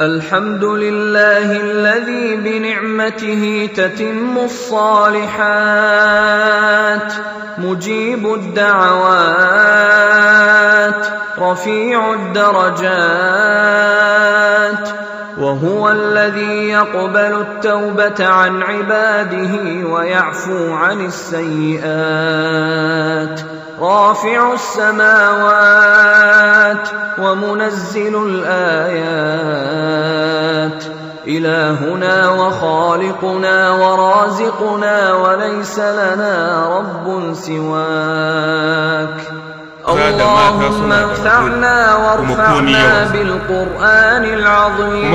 الحمد لله الذي بنعمته تتم الصالحات مجيب الدعوات رفيع الدرجات وهو الذي يقبل التوبه عن عباده ويعفو عن السيئات رافع السماوات ومنزل الايات الهنا وخالقنا ورازقنا وليس لنا رب سواك اللهم ارفعنا وارفعنا بالقرآن العظيم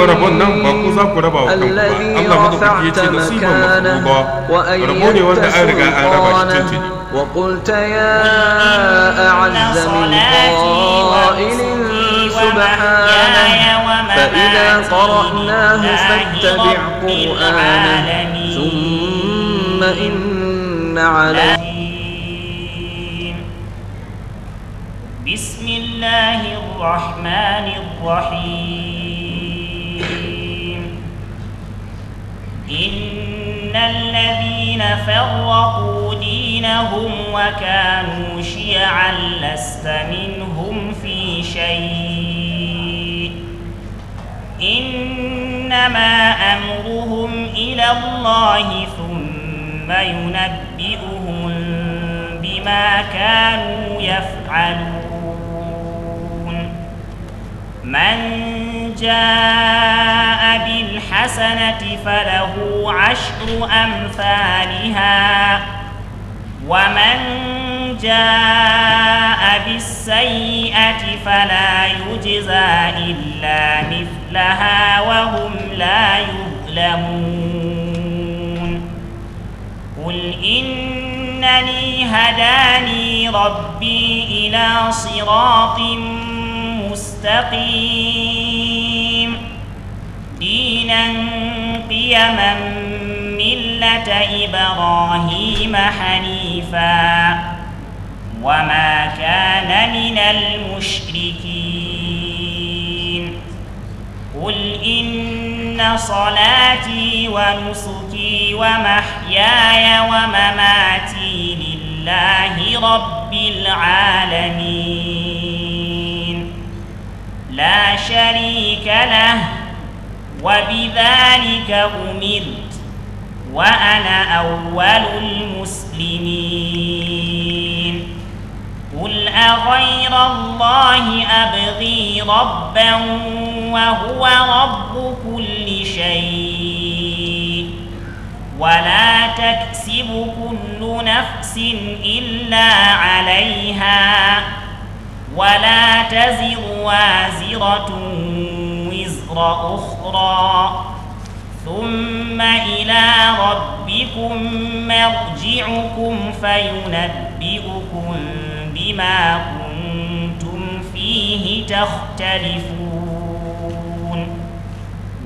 الذي رفعت مكانه وأيدت سلطانه وقلت يا أعز من قائل سبحانه فإذا قرأناه فاتبع قرآنه ثم إن عليه الله الرحمن الرحيم إن الذين فرقوا دينهم وكانوا شيعا لست منهم في شيء إنما أمرهم إلى الله ثم ينبئهم بما كانوا يفعلون من جاء بالحسنة فله عشر أمثالها ومن جاء بالسيئة فلا يجزى إلا مثلها وهم لا يظلمون قل إنني هداني ربي إلى صراط مستقيم دينا قيما ملة إبراهيم حنيفا وما كان من المشركين قل إن صلاتي ونسكي ومحياي ومماتي لله رب العالمين لا شريك له وبذلك أمرت وأنا أول المسلمين قل أغير الله أبغي ربا وهو رب كل شيء ولا تكسب كل نفس إلا عليها ولا تزر وازرة وزر أخرى ثم إلى ربكم مرجعكم فينبئكم بما كنتم فيه تختلفون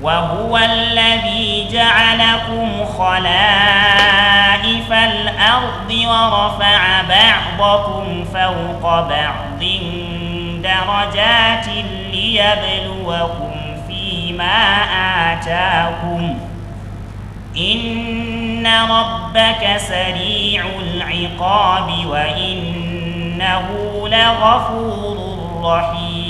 وهو الذي جعلكم خلائف الأرض ورفع بعضكم فوق بعض درجات ليبلوكم فيما آتاكم إن ربك سريع العقاب وإنه لغفور رحيم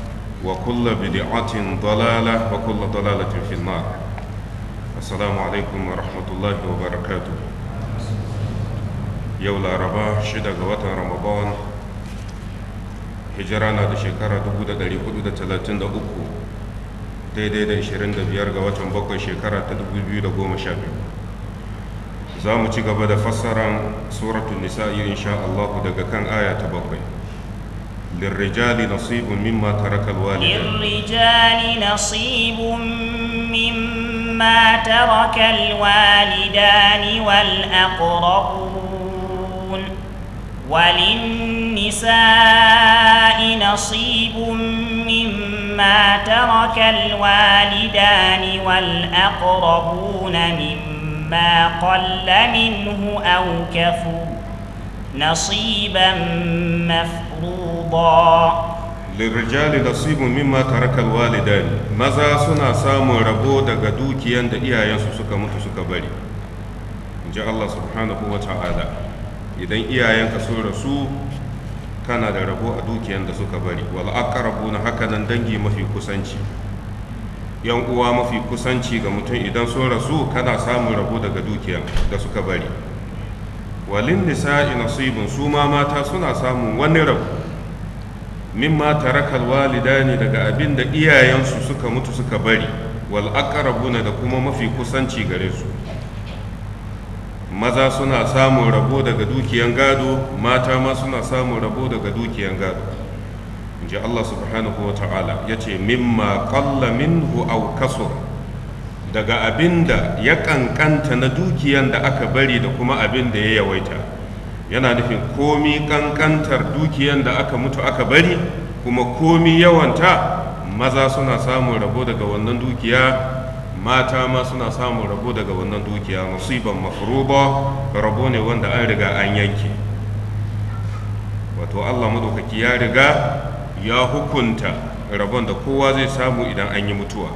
وكل بدعة ضلالة وكل ضلالة في النار السلام عليكم ورحمة الله وبركاته يولا ربا شدة غوات رمضان هجرانا دا شكرا دبودة داري حدودة تلاتين دا أكو daidai da 25 ga watan bakwai shekara ta 2012 za mu ci gaba da fassara suratul nisa'i insha Allah daga kan aya ta bakwai للرجال نصيب مما ترك الوالد للرجال نصيب مما ترك الوالدان والأقربون وللنساء نصيب مما ترك الوالدان والأقربون مما قل منه أو كفوا نصيبا مفروضا الله للرجال نصيب مما ترك الوالدان maza suna samun rabo daga dukiyan da iyayensu suka mutu suka bari inji Allah subhanahu wa ta'ala idan iyayenka sun rasu kana da rabo a dukiyan da suka bari wal aqrabu na hakanan dangi mafi kusanci yan uwa mafi kusanci ga mutum idan sun rasu kana samun rabo daga dukiyan da suka bari walin nisa'i nasibun su ma mata suna samun wani rabo mimma tarakal walidani daga abin da iyayensu suka mutu suka bari wal aqrabuna da kuma mafi kusanci gare su maza suna samun rabo daga dukiyan gado mata ma suna samun rabo daga dukiyan gado inji Allah subhanahu wa ta'ala ya ce mimma qalla minhu aw kasura daga abin da ya kankanta na dukiyan da aka bari da kuma abin da ya yawaita yana nufin komi kankantar dukiyan da aka mutu aka bari kuma komi yawanta maza suna samun rabo daga wannan dukiya mata ma suna samun rabo daga wannan dukiya musiban mafuruba rabo ne wanda an riga an yanke wato allah maɗaukaki ya riga ya hukunta rabon da kowa zai samu idan an yi mutuwa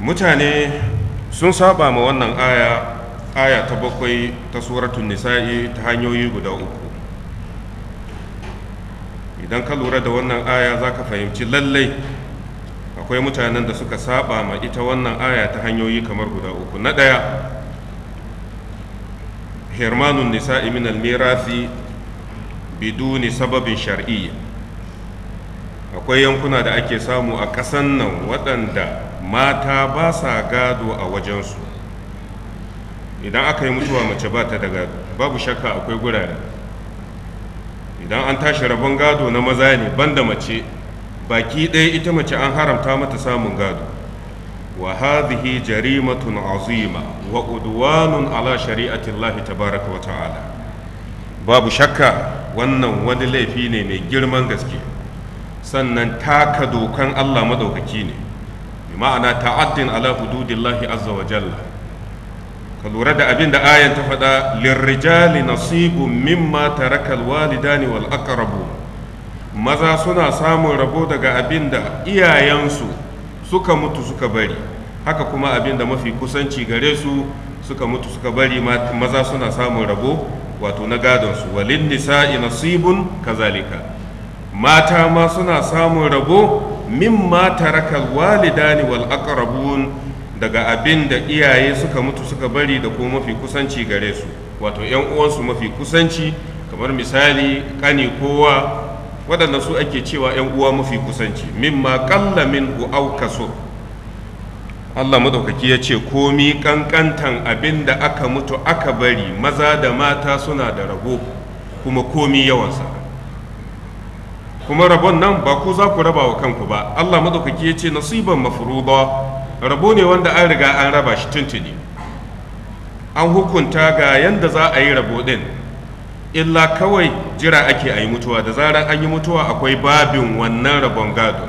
mutane sun saba ma wannan aya aya ta bakwai ta suratun nisa'i ta hanyoyi guda uku idan ka lura da wannan aya za ka fahimci lallai akwai mutanen da suka saba ma ita wannan aya ta hanyoyi kamar guda uku na ɗaya hermanun nisa'i min almirafi biduni sababin shar'i akwai yankuna da ake samu a ƙasan nan waɗanda mata ba sa gado a wajensu idan aka yi mutuwa mace ba ta daga babu shakka akwai gurare idan an tashi rabon gado na maza ne banda mace baki ɗaya ita mace an haramta mata samun gado wa hadhihi jarimatun azima wa udwanun ala shari'ati Allah tabaraka wa ta'ala babu shakka wannan wani laifi ne mai girman gaske sannan taka dokan Allah madaukaki ne ma'ana ta'addin ala hududillahi azza wa jalla ka lura da abin da ayan ta faɗa lirrijali nasibu mimma tarakal walidani wal aqrabu maza suna samun rabo daga abin da iyayensu suka mutu suka bari haka kuma abin da mafi kusanci gare su suka mutu suka bari maza suna samun rabo wato na su walin nisa'i nasibun kazalika mata ma suna samun rabo mimma tarakal walidani wal aqrabun daga abin da iyaye suka mutu suka bari da kuma mafi kusanci gare su wato yan uwansu mafi kusanci kamar misali kani kowa waɗanda su ake cewa yan uwa mafi kusanci mimma min ku auka kaso Allah madaukaki ya ce komi kankantan abin da aka mutu aka bari maza da mata suna da rabo kuma komi yawansa kuma rabon nan ba ku za ku raba wa kanku ba Allah madaukaki ya ce nasiban ba. rabo ne wanda an riga an raba shi tuntuni an hukunta ga yadda za a yi rabo din illa kawai jira ake a yi mutuwa da zarar an yi mutuwa akwai babin wannan rabon gado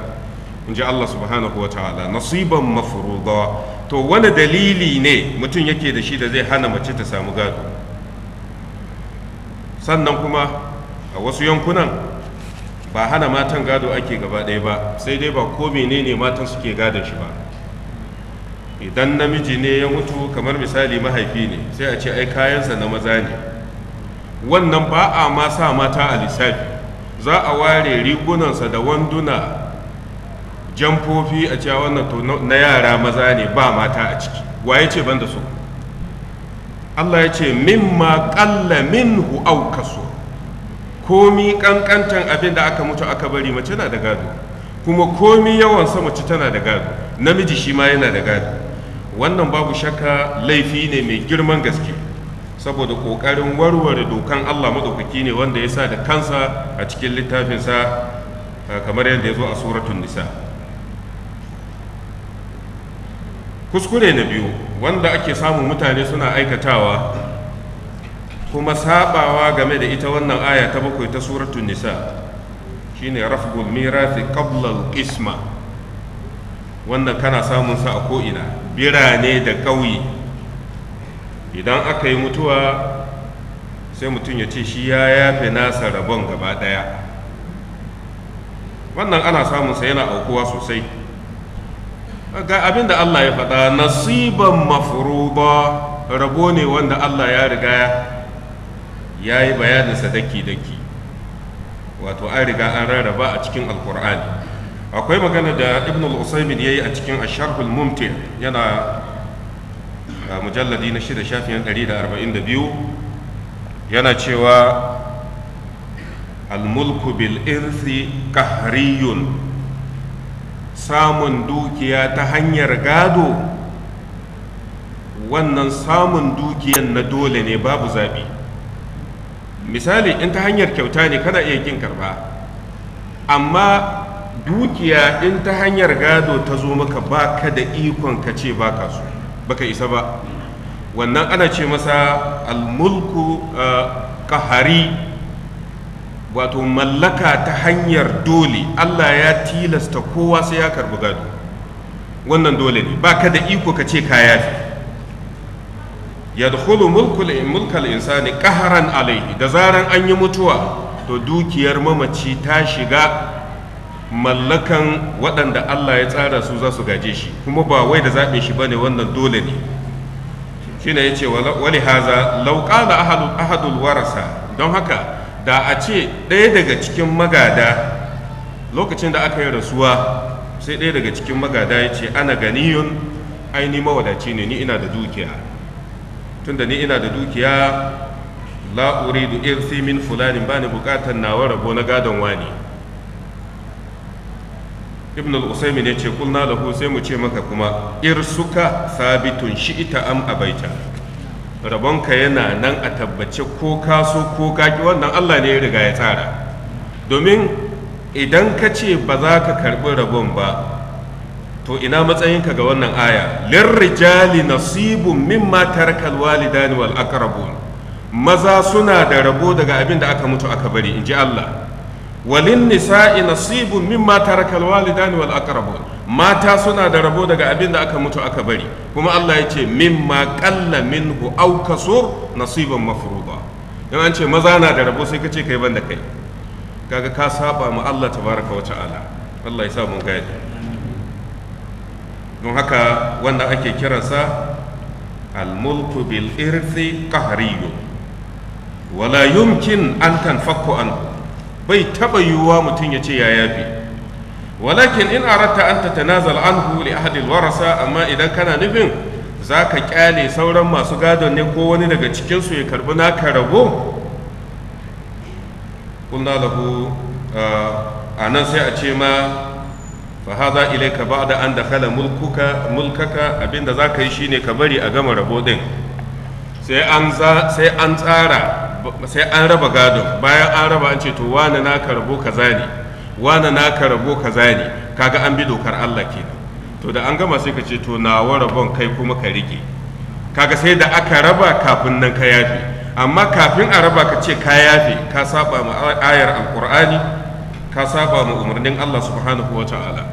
in ji Allah subhanahu wa ta'ala nasiban mafuruga to wani dalili ne mutum yake da shi da zai hana mace ta samu gado sannan kuma a wasu yankunan ba hana matan gado ake gaba ɗaya ba sai dai ba ko menene matan suke gadon shi ba idan namiji ne ya mutu kamar misali mahaifi ne sai a ce ai kayansa na maza ne wannan ba a ma sa mata a lissafi za a ware rigunansa da wanduna jamfofi a cewa wannan to na yara maza ne ba mata a ciki waye ce ban su Allah ya ce min mimma qalla minhu aw kasu komi ƙanƙantan abin da aka mutu aka bari mace na da gado kuma komi yawan sa mace tana da gado namiji shi ma yana da gado wannan babu shakka laifi ne mai girman gaske saboda ƙoƙarin warware dokan Allah maɗaukaki ne wanda ya sa da kansa a cikin littafinsa kamar yadda ya zo a suratun nisa kuskure na biyu wanda ake samun mutane suna aikatawa kuma sabawa game da ita wannan aya ta bakwai ta suratun nisa shine rafgul mirathi qabla al-qisma wannan kana samun sa a ko'ina birane da ƙauye idan aka yi mutuwa sai mutum ya ce shi ya yafe nasa rabon gaba ɗaya wannan ana samun sa yana aukuwa sosai ga abin da allah ya faɗa nasiban mafuruba rabo ne wanda allah ya riga ya yi bayaninsa daki-daki wato an riga an rarraba a cikin alkur'ani akwai magana da ibn al-usaymin yayi a cikin asharhul mumti yana mujalladi na shida shafin 142 yana cewa al-mulku bil kahriyun samun dukiya ta hanyar gado wannan samun dukiya na dole ne babu zabi misali in ta hanyar kyauta ne kana iya kin karba amma dukiya in ta hanyar gado ta zo maka ba ka da ikon ka ce ba ka so baka isa ba wannan ana ce masa almulku kahari uh, wato mallaka ta hanyar dole allah ya tilasta kowa sai ya karbi gado wannan dole ne ba ka da iko ka ce ka yafi yadkhulu mulkul mulkal insani kaharan alayhi da zaran an yi mutuwa to dukiyar mamaci ta shiga mallakan waɗanda Allah ya tsara su za su gaje shi kuma ba wai da zaɓe shi ba ne wannan dole ne ya ce wali haza law ahadul warasa don haka da a ce ɗaya daga cikin magada lokacin da aka yi rasuwa sai ɗaya daga cikin magada ya ce ana ganiyun ai mawadaci ne ni ina da dukiya tunda ni ina da dukiya la da irsi min ba bani bukatar nawa rabo na gadon wani ibn al-usaymin yace kulna lahu sai mu ce maka kuma irsuka sabitun ita am abaita rabonka yana nan a tabbace ko ka ko ka wannan Allah ne ya riga ya tsara domin idan ka ce ba za ka karbi rabon ba to ina matsayinka ga wannan aya lirrijali nasibun mimma tarakal walidani wal aqrabun maza suna da rabo daga abin da aka mutu aka bari inji Allah walin nisa'i nasibun mimma taraka alwalidani wal aqrabun mata suna da rabo daga abin da aka mutu aka bari kuma Allah ya ce mimma qalla minhu aw kasur nasiban mafruḍa in an ce maza na da rabo sai ka ce kai ban da kai kaga ka saba ma Allah tabaraka wa ta'ala Allah ya sa mu gani don haka wanda ake kiransa al-mulku bil irthi qahriyyu wala yumkin an tanfakku anhu bai taba yiwuwa mutum ya ce ya yafi walakin in aratta an tatanazal anhu li ahadil warasa amma idan kana nufin za ka kyale sauran masu gadon ne ko wani daga cikinsu ya karbi naka rabo. lahu a nan sai a ce ma fa haza ilaika ba'da an dakhala mulkuka mulkaka abinda za ka yi shine ka bari a gama rabo din sai an tsara sai an raba gadon bayan an raba an ce to wane na karbo ka ne wane na karbo ka ne kaga an bi dokar Allah ke to da an gama sai ka ce to nawa rabon kai kuma ka rike kaga sai da aka raba kafin nan ka yafe amma kafin a raba ka ce ka yafe ka saba ma ayar alqur'ani ka saba ma umarnin Allah subhanahu wataala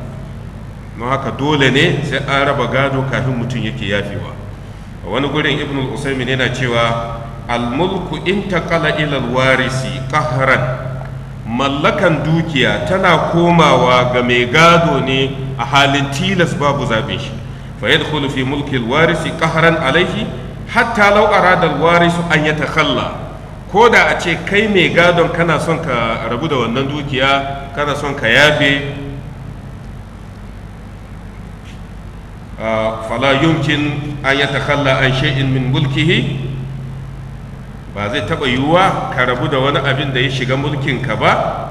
don haka dole ne sai an raba gado kafin mutum yake yafewa wani gurin ibnul usaimin yana cewa almulku in ilal warisi ƙaharan mallakan dukiya tana komawa ga mai gado ne a halin tilas babu zaɓe shi fa yadkhulu fi mulki alwarisi qahran alaihi hatta law arada alwarisu an yatakhalla ko da a ce kai mai gadon kana son ka rabu da wannan dukiya kana son ka yafe ah, fala yumkin an yatakhalla an shay'in min mulkihi ba zai taba yiwuwa ka rabu da wani abin da ya shiga mulkinka ba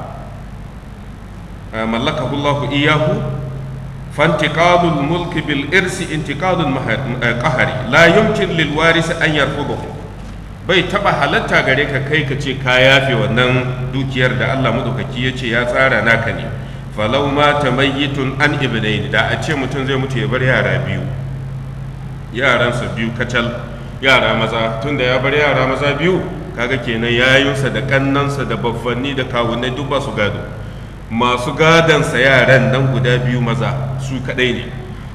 eh, mallakahu Allahu iyahu fantiqalul mulki bil irsi intiqalul eh, qahari la yumkin lil waris an yarfudahu bai taba halatta gare ka kai ka ce ka yafe wannan dukiyar da Allah madaukaki ya ce ya tsara naka ne falau ma tamayitun an ibnain da a ce mutum zai mutu ya bar yara biyu yaransa biyu kacal yara maza tun da ya bar yara maza biyu kaga kenan yayunsa da kannansa da babbanni da kawunai duk ba su gado masu gadonsa yaran nan guda biyu maza su kadai ne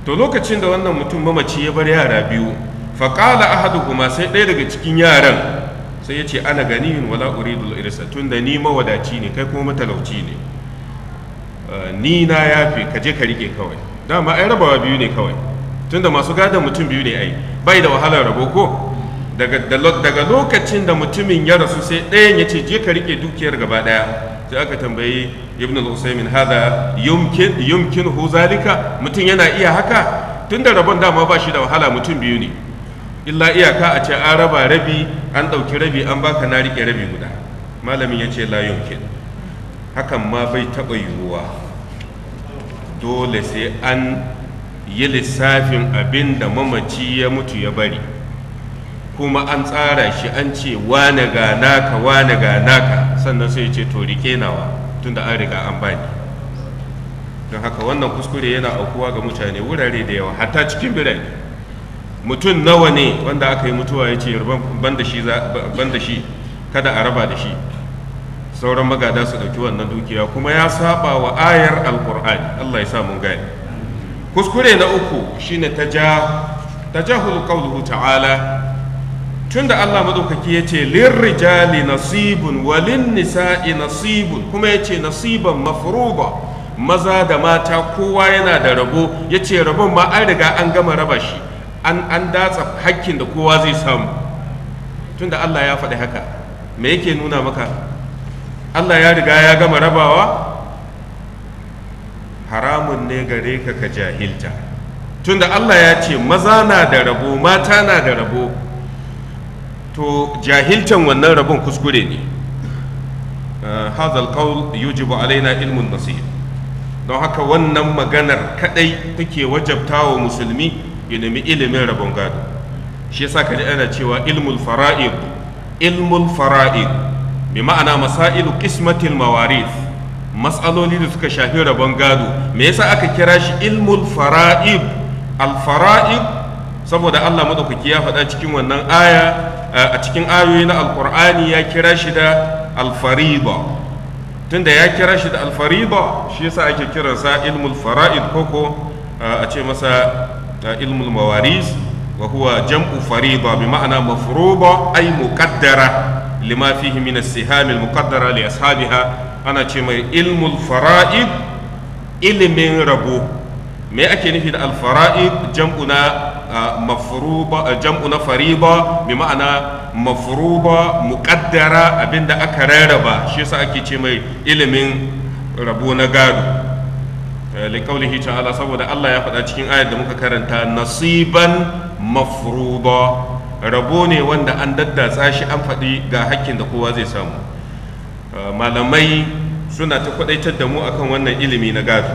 to lokacin da wannan mutum mamaci ya bar yara biyu faƙala kuma sai ɗaya daga cikin yaran sai ya ce ana yin wala uridul irsa da ni mawadaci ne kai kuma matalauci ne ni na yafe ka je ka rike kawai dama ai rabawa biyu ne kawai tunda masu gadon mutum biyu ne ai bai da wahalar rabo ko daga lokacin da mutumin ya rasu sai ɗayan ya ce je ka rike dukiyar gaba ɗaya sai aka tambayi ibn al-usaymin hada yumkin yumkin mutum yana iya haka tunda rabon dama ba shi da wahala mutum biyu ne illa iyaka a ce an raba rabi an ɗauki rabi an baka na rike rabi guda malamin ya ce la yumkin hakan ma bai taɓa yiwuwa dole sai an yi lissafin abin da mamaci ya mutu ya bari kuma an tsara shi an ce wane ga naka wane ga naka sannan sai ce to rike nawa tunda an riga an bani don haka wannan kuskure yana aukuwa ga mutane wurare da yawa hatta cikin birane mutum nawa ne wanda aka yi mutuwa ya ce ban da shi kada a raba da shi sauran magada su ɗauki wannan dukiya kuma ya saba wa ayar alkur'ani allah ya sa mun gani kuskure na uku shine tajahul qawluhu ta'ala tunda Allah madaukaki yace lirrijali nasibun walin nisa'i nasibun kuma yace nasiban mafruba maza da mata kowa yana da rabo yace rabon ma an riga an gama raba shi an an datsa hakkin da kowa zai samu tunda Allah ya faɗi haka me yake nuna maka Allah ya riga ya gama rabawa haramun ne gare ka ka jahilta tunda Allah ya ce maza na da rabo mata na da rabo to jahiltan wannan rabon kuskure ne eh, hadha alqawl yujibu alaina ilmun nasir don haka wannan maganar kadai take wajabta wa musulmi ya nemi ilimin rabon gado shi yasa kaji ana cewa ilmul fara'id ilmul fara'id bi ma'ana masailu qismatil mawarith matsaloli da suka shafi rabon gado me yasa aka kira shi ilmul fara'ib al fara'ib saboda Allah madaukaki ya faɗa cikin wannan aya eh, a cikin ayoyi na alqur'ani ya kira shi da al fariba tunda ya kira shi da al fariba shi yasa ake kiransa ilmul fara'id koko eh, a ce masa eh, ilmul mawaris wa huwa jam'u fariba bi ma'ana mafruba ay muqaddara lima fihi min as-siham muqaddara li ashabiha ana ce mai ilmul fara'id ilimin rabo me ake nufi da alfara'id jam'u na mafruba fariba bi ma'ana mafruba muqaddara abinda aka rarraba shi yasa ake ce mai ilimin rabo na gado eh, liqaulihi ta'ala saboda Allah ya faɗa cikin ayar da muka karanta nasiban mafruba rabo ne wanda an daddatsa shi an faɗi ga hakkin da kowa zai samu malamai suna ta kwadaitar da mu akan wannan ilimi na gado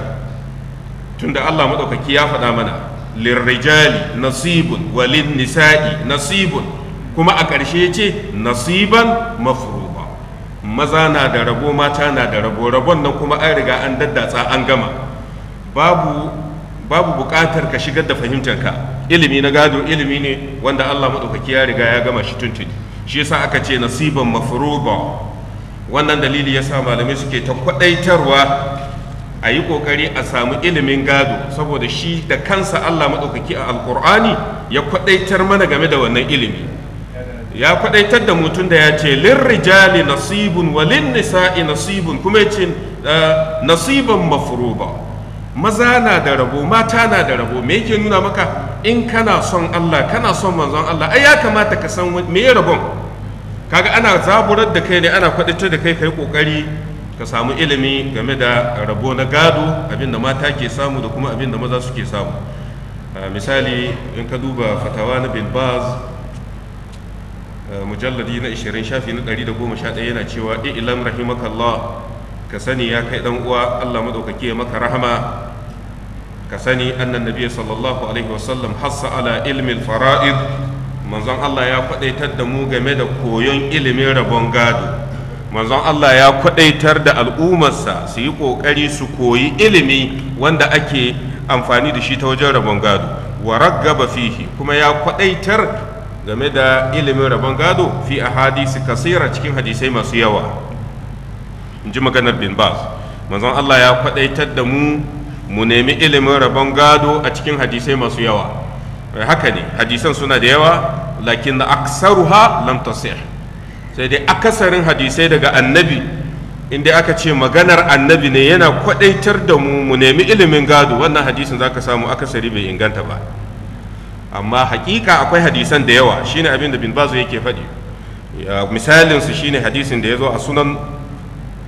tunda Allah madaukaki ya faɗa mana lirrijali nasibun walin nisa'i nasibun kuma a ƙarshe ya ce nasiban mafruba maza na da rabo mata na da rabo rabon nan kuma an riga an daddatsa an gama babu babu buƙatar ka shigar da fahimtar ka ilimi na gado ilimi ne wanda Allah madaukaki ya riga ya gama shi tuntuni shi yasa aka ce nasiban mafruba wannan dalili ya sa malamai suke ta kwadaitarwa a yi kokari a samu ilimin gado saboda shi da kansa Allah maɗaukaki a alkur'ani ya kwadaitar mana game da wannan ilimi ya kwadaitar da mutum da ya ce lirrijali nasibun walin nisa'i nasibun kuma ce ah, nasiban mafruba maza na da rabo mata na da rabo me yake nuna maka in kana son Allah kana son manzon Allah ai ya kamata ka san me rabon kaga ana zaburar da kai ne ana kwadatar da kai kai kokari ka samu ilimi game da rabo na gado abin da mata ke samu da kuma abin da maza suke samu misali in ka duba fatawa na bin baz mujalladi na 20 shafi na 111 yana cewa ilam rahimakallah ka sani ya kai dan uwa Allah madaukake maka rahama ka sani annan nabiy sallallahu alaihi wasallam hassa ala ilmi al-fara'id manzon Allah ya kwadaitar da mu game da koyon ilimin rabon gado manzon Allah ya kwadaitar da al'ummarsa su yi kokari su koyi ilimi wanda ake amfani da shi ta wajen rabon gado wa raggaba fihi kuma ya kwadaitar game da ilimin rabon gado fi ahadisi kasira cikin hadisai masu yawa in ji maganar bin bas manzon Allah ya kwadaitar da mu mu nemi ilimin rabon gado a cikin hadisai masu yawa Eh, haka ne hadisan suna da yawa lakin na aksaruha lam tasih sai dai akasarin hadisai daga annabi inda aka ce maganar annabi ne yana kwadaitar da mu mu nemi ilimin gado wannan hadisin zaka samu akasari bai inganta ba amma hakika akwai hadisan da yawa shine abin da bin bazu yake faɗi misalin su shine hadisin da ya zo a sunan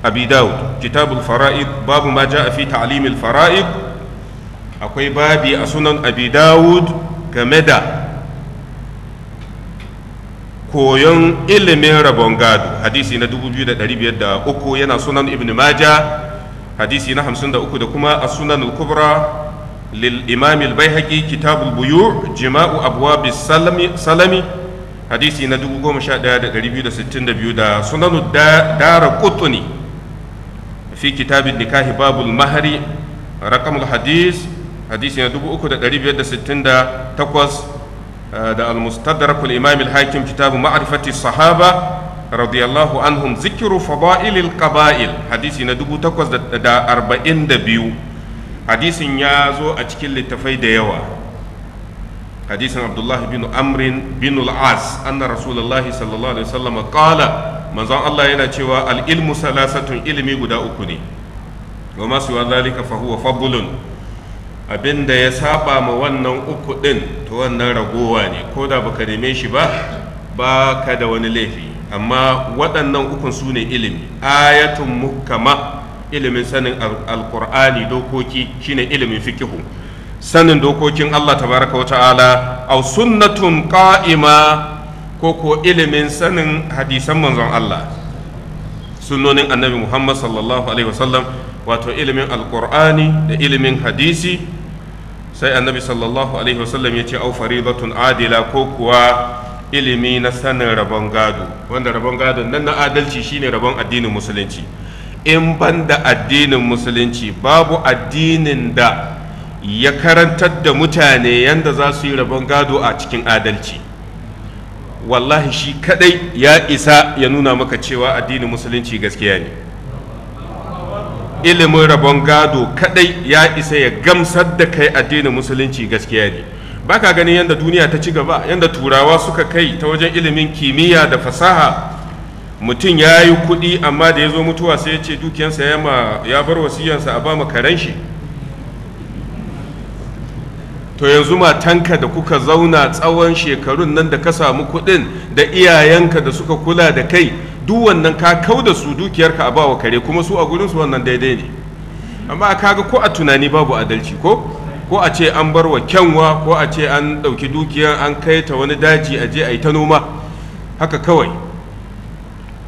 abi dawud kitabul fara'id babu ma ja'a fi ta'limil fara'id akwai babi a sunan abi dawud game da koyon ilimin rabon gado hadisi na 2503 yana sunan ibn maja hadisi na 53 da kuma a sunan kubra lil imam al-baihaqi kitab buyu jima'u abwab salami salami hadisi na 11262 da sunan dara qutni fi kitabin an-nikah babul mahri رقم الحديث hadisi na 3568 da al-mustadrak al-imam al-hakim kitabu ma'rifati sahaba radiyallahu anhum zikru fada'il al-qaba'il hadisi na 842 hadisin ya zo a cikin littattafai da yawa hadisin abdullahi bin amrin bin al-as anna rasulullahi sallallahu alaihi wasallam qala manzon Allah yana cewa al'ilmu salasatun ilimi guda uku ne wa masu wa zalika fa huwa fadlun abin da ya saba ma wannan uku ɗin to wannan ragowa ne ko da baka neme shi ba ba ka da wani laifi amma waɗannan ukun su ne ilimi ayatun mukama ilimin sanin alkur'ani dokoki shine ilimin fikihu sanin dokokin Allah tabaraka wa ta'ala aw sunnatun qa'ima ko ko ilimin sanin hadisan manzon Allah sunnonin annabi Muhammad sallallahu alaihi wasallam wato ilimin alkur'ani da ilimin hadisi sai annabi sallallahu alaihi wasallam ya ce au faridatun adila ko kuwa ilimi na sanin rabon gado wanda rabon gado nan na adalci shine rabon addinin musulunci in ban da addinin musulunci babu addinin da ya karantar da mutane yanda za su yi rabon gado a cikin adalci wallahi shi kadai ya isa ya nuna maka cewa addinin musulunci gaskiya ne ilimin rabon gado kadai ya isa ya gamsar da kai addinin musulunci gaskiya ne ba ganin yadda duniya ta ci gaba yadda turawa suka kai ta wajen ilimin kimiyya da fasaha mutum ya yi kuɗi amma da ya zo mutuwa sai ya ce dukiyansa ya bar wasiyansa a ba mu karen shi to yanzu matanka da kuka zauna tsawon shekarun nan da ka samu kuɗin da iyayenka da suka kula da kai duk wannan ka kau da su dukiyarka a bawa kare kuma su a gurinsu wannan daidai ne amma kaga ko a tunani babu adalci ko ko a ce an bar wa kyanwa ko a ce an ɗauki dukiyar an kai ta wani daji a je a yi ta noma haka kawai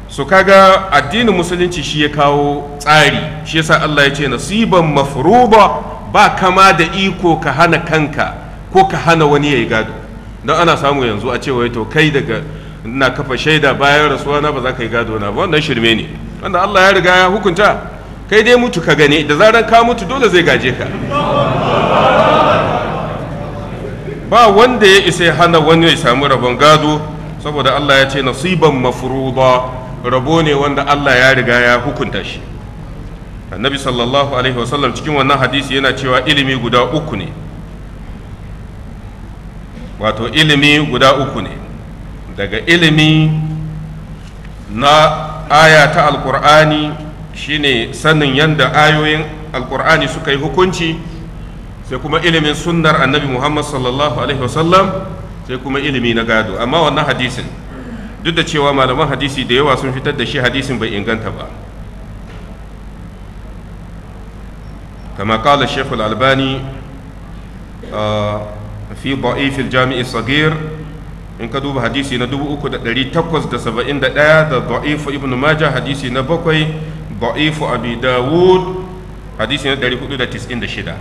su kaga addinin musulunci shi ya kawo tsari shi yasa Allah ya ce nasiban mafruba ba kama da iko ka hana kanka ko ka hana wani ya yi gado don ana samu yanzu a cewa to kai daga ina kafa shaida bayan rasuwa na ba za ka yi gado na ba wannan shirme ne wanda Allah ya riga ya hukunta kai dai mutu ka gani da zarar ka mutu dole zai gaje ka ba wanda ya isa hana wani ya samu rabon gado saboda Allah ya ce nasiban ba rabo ne wanda Allah ya riga ya hukunta shi annabi sallallahu alaihi wasallam cikin wannan hadisi yana cewa ilimi guda uku ne wato ilimi guda uku ne daga ilimi na aya ta alkur'ani shine sanin yadda ayoyin alkur'ani suka yi hukunci sai kuma ilimin sunnar annabi muhammad sallallahu alaihi wasallam sai kuma ilimi na gado amma wannan hadisin duk da cewa malaman hadisi da yawa sun fitar da shi hadisin bai inganta ba kama kala shekul albani ah, fi da'if jamii tsagir. in ka duba hadisi na 3871 da da'ifu ibn majah hadisi na bakwai da'ifu abi dawud hadisi na 496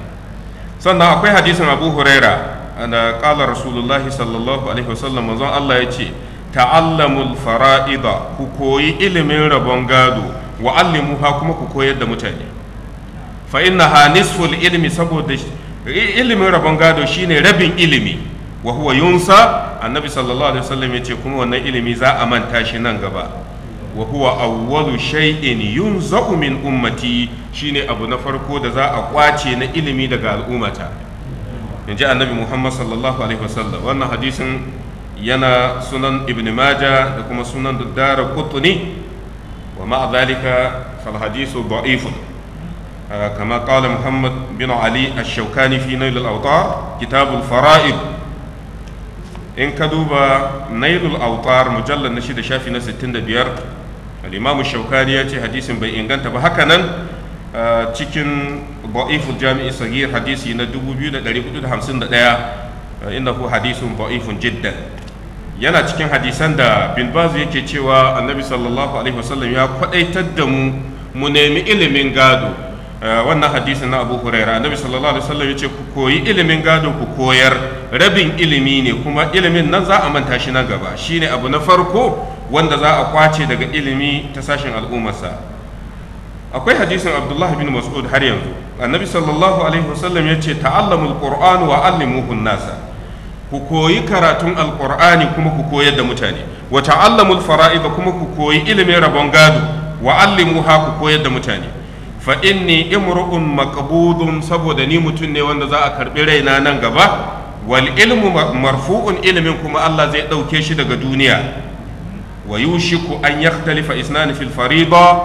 sannan akwai hadisin abu huraira ana kala rasulullahi sallallahu alaihi wasallam manzon Allah ya ce ta'allamul fara'ida ku koyi ilimin rabon gado wa allimuha kuma ku koyar da mutane fa ha nisful ilimi saboda ilimin rabon gado shine rabin ilimi wa huwa yunsa annabi sallallahu alaihi wasallam yace kuma wannan ilimi za a manta shi nan gaba wa huwa awwalu shay'in yunza'u min ummati shine abu na farko da za a kwace na ilimi daga al'ummata inji annabi muhammad sallallahu alaihi wasallam wannan hadisin yana sunan ibn maja da kuma sunan dara kutuni wa ma'a zalika fal hadisu da'ifun kama qala muhammad bin ali ash-shawkani fi nail al-awtar faraid in ka duba nailul autar mujallar na shida shafi na 65 al'imamu shaukani ya ce hadisin bai inganta ba haka nan cikin ba'iful jami'in sagir hadisi na 2451 innahu hadisun ba'ifun jiddan yana cikin hadisan da bin bazu yake cewa annabi sallallahu alaihi wasallam ya kwadaitar da mu mu nemi ilimin gado Eh, wannan hadisin na abu huraira annabi sallallahu alaihi wasallam yace ku koyi ilimin gado ku koyar rabin ilimi ne kuma ilimin nan za a manta shi nan gaba shine abu na farko wanda za a kwace daga ilimi ta sashen al'ummarsa akwai hadisin abdullahi bin mas'ud har yanzu annabi sallallahu alaihi wasallam yace ta'allamul qur'anu wa allimuhu nasa ku koyi karatun alqur'ani kuma ku koyar da mutane wa ta'allamul fara'id kuma ku koyi ilimin rabon gado wa allimuha ku koyar da mutane fa inni imru'un maqbudun saboda ni mutum ne wanda za a karbi raina nan gaba wal ilmu marfu'un ilimin kuma Allah zai dauke shi daga duniya wa yushiku an yakhtalifa isnan fil farida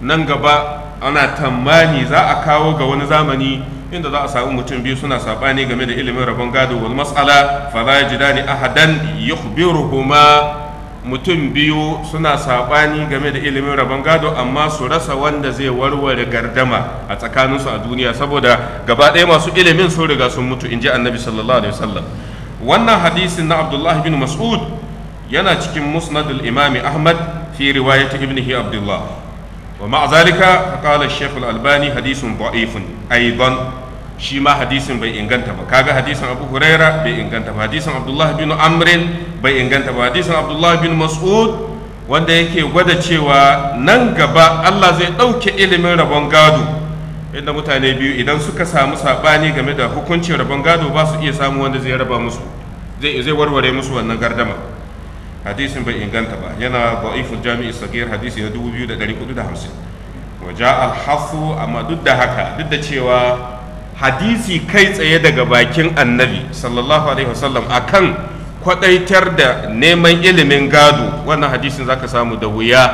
nan gaba ana tamani za a kawo ga wani zamani inda za a samu mutum biyu suna sabani game da ilimin rabon gado wal mas'ala fa la yajidani ahadan yukhbiruhuma mutum biyu suna saɓani game da ilimin rabon gado amma su rasa wanda zai warware gardama a tsakaninsu a duniya saboda gaba ɗaya masu ilimin sun riga sun mutu in ji annabi sallallahu alaihi wasallam wannan hadisin na abdullahi bin mas'ud yana cikin musnadul imami ahmad fi riwayat ibnihi abdullah wa ma'a zalika qala al-albani hadisin da'ifun aidan shi ma hadisin bai inganta ba kaga hadisin abu huraira bai inganta ba hadisin abdullah bin amrin bai inganta ba hadisin abdullah bin mas'ud wanda yake gwada cewa nan gaba allah zai ɗauke ilimin rabon gado inda mutane biyu idan suka samu saɓani game da hukuncin rabon gado ba su iya samu wanda zai raba musu zai warware musu wannan gardama hadisin bai inganta ba yana da'iful jami'i sagir hadisi na 2450 wa ja'a al-hasu amma duk da haka duk da cewa hadisi kai tsaye daga bakin annabi sallallahu alaihi wasallam akan kwadaitar da neman ilimin gado wannan hadisin zaka samu da wuya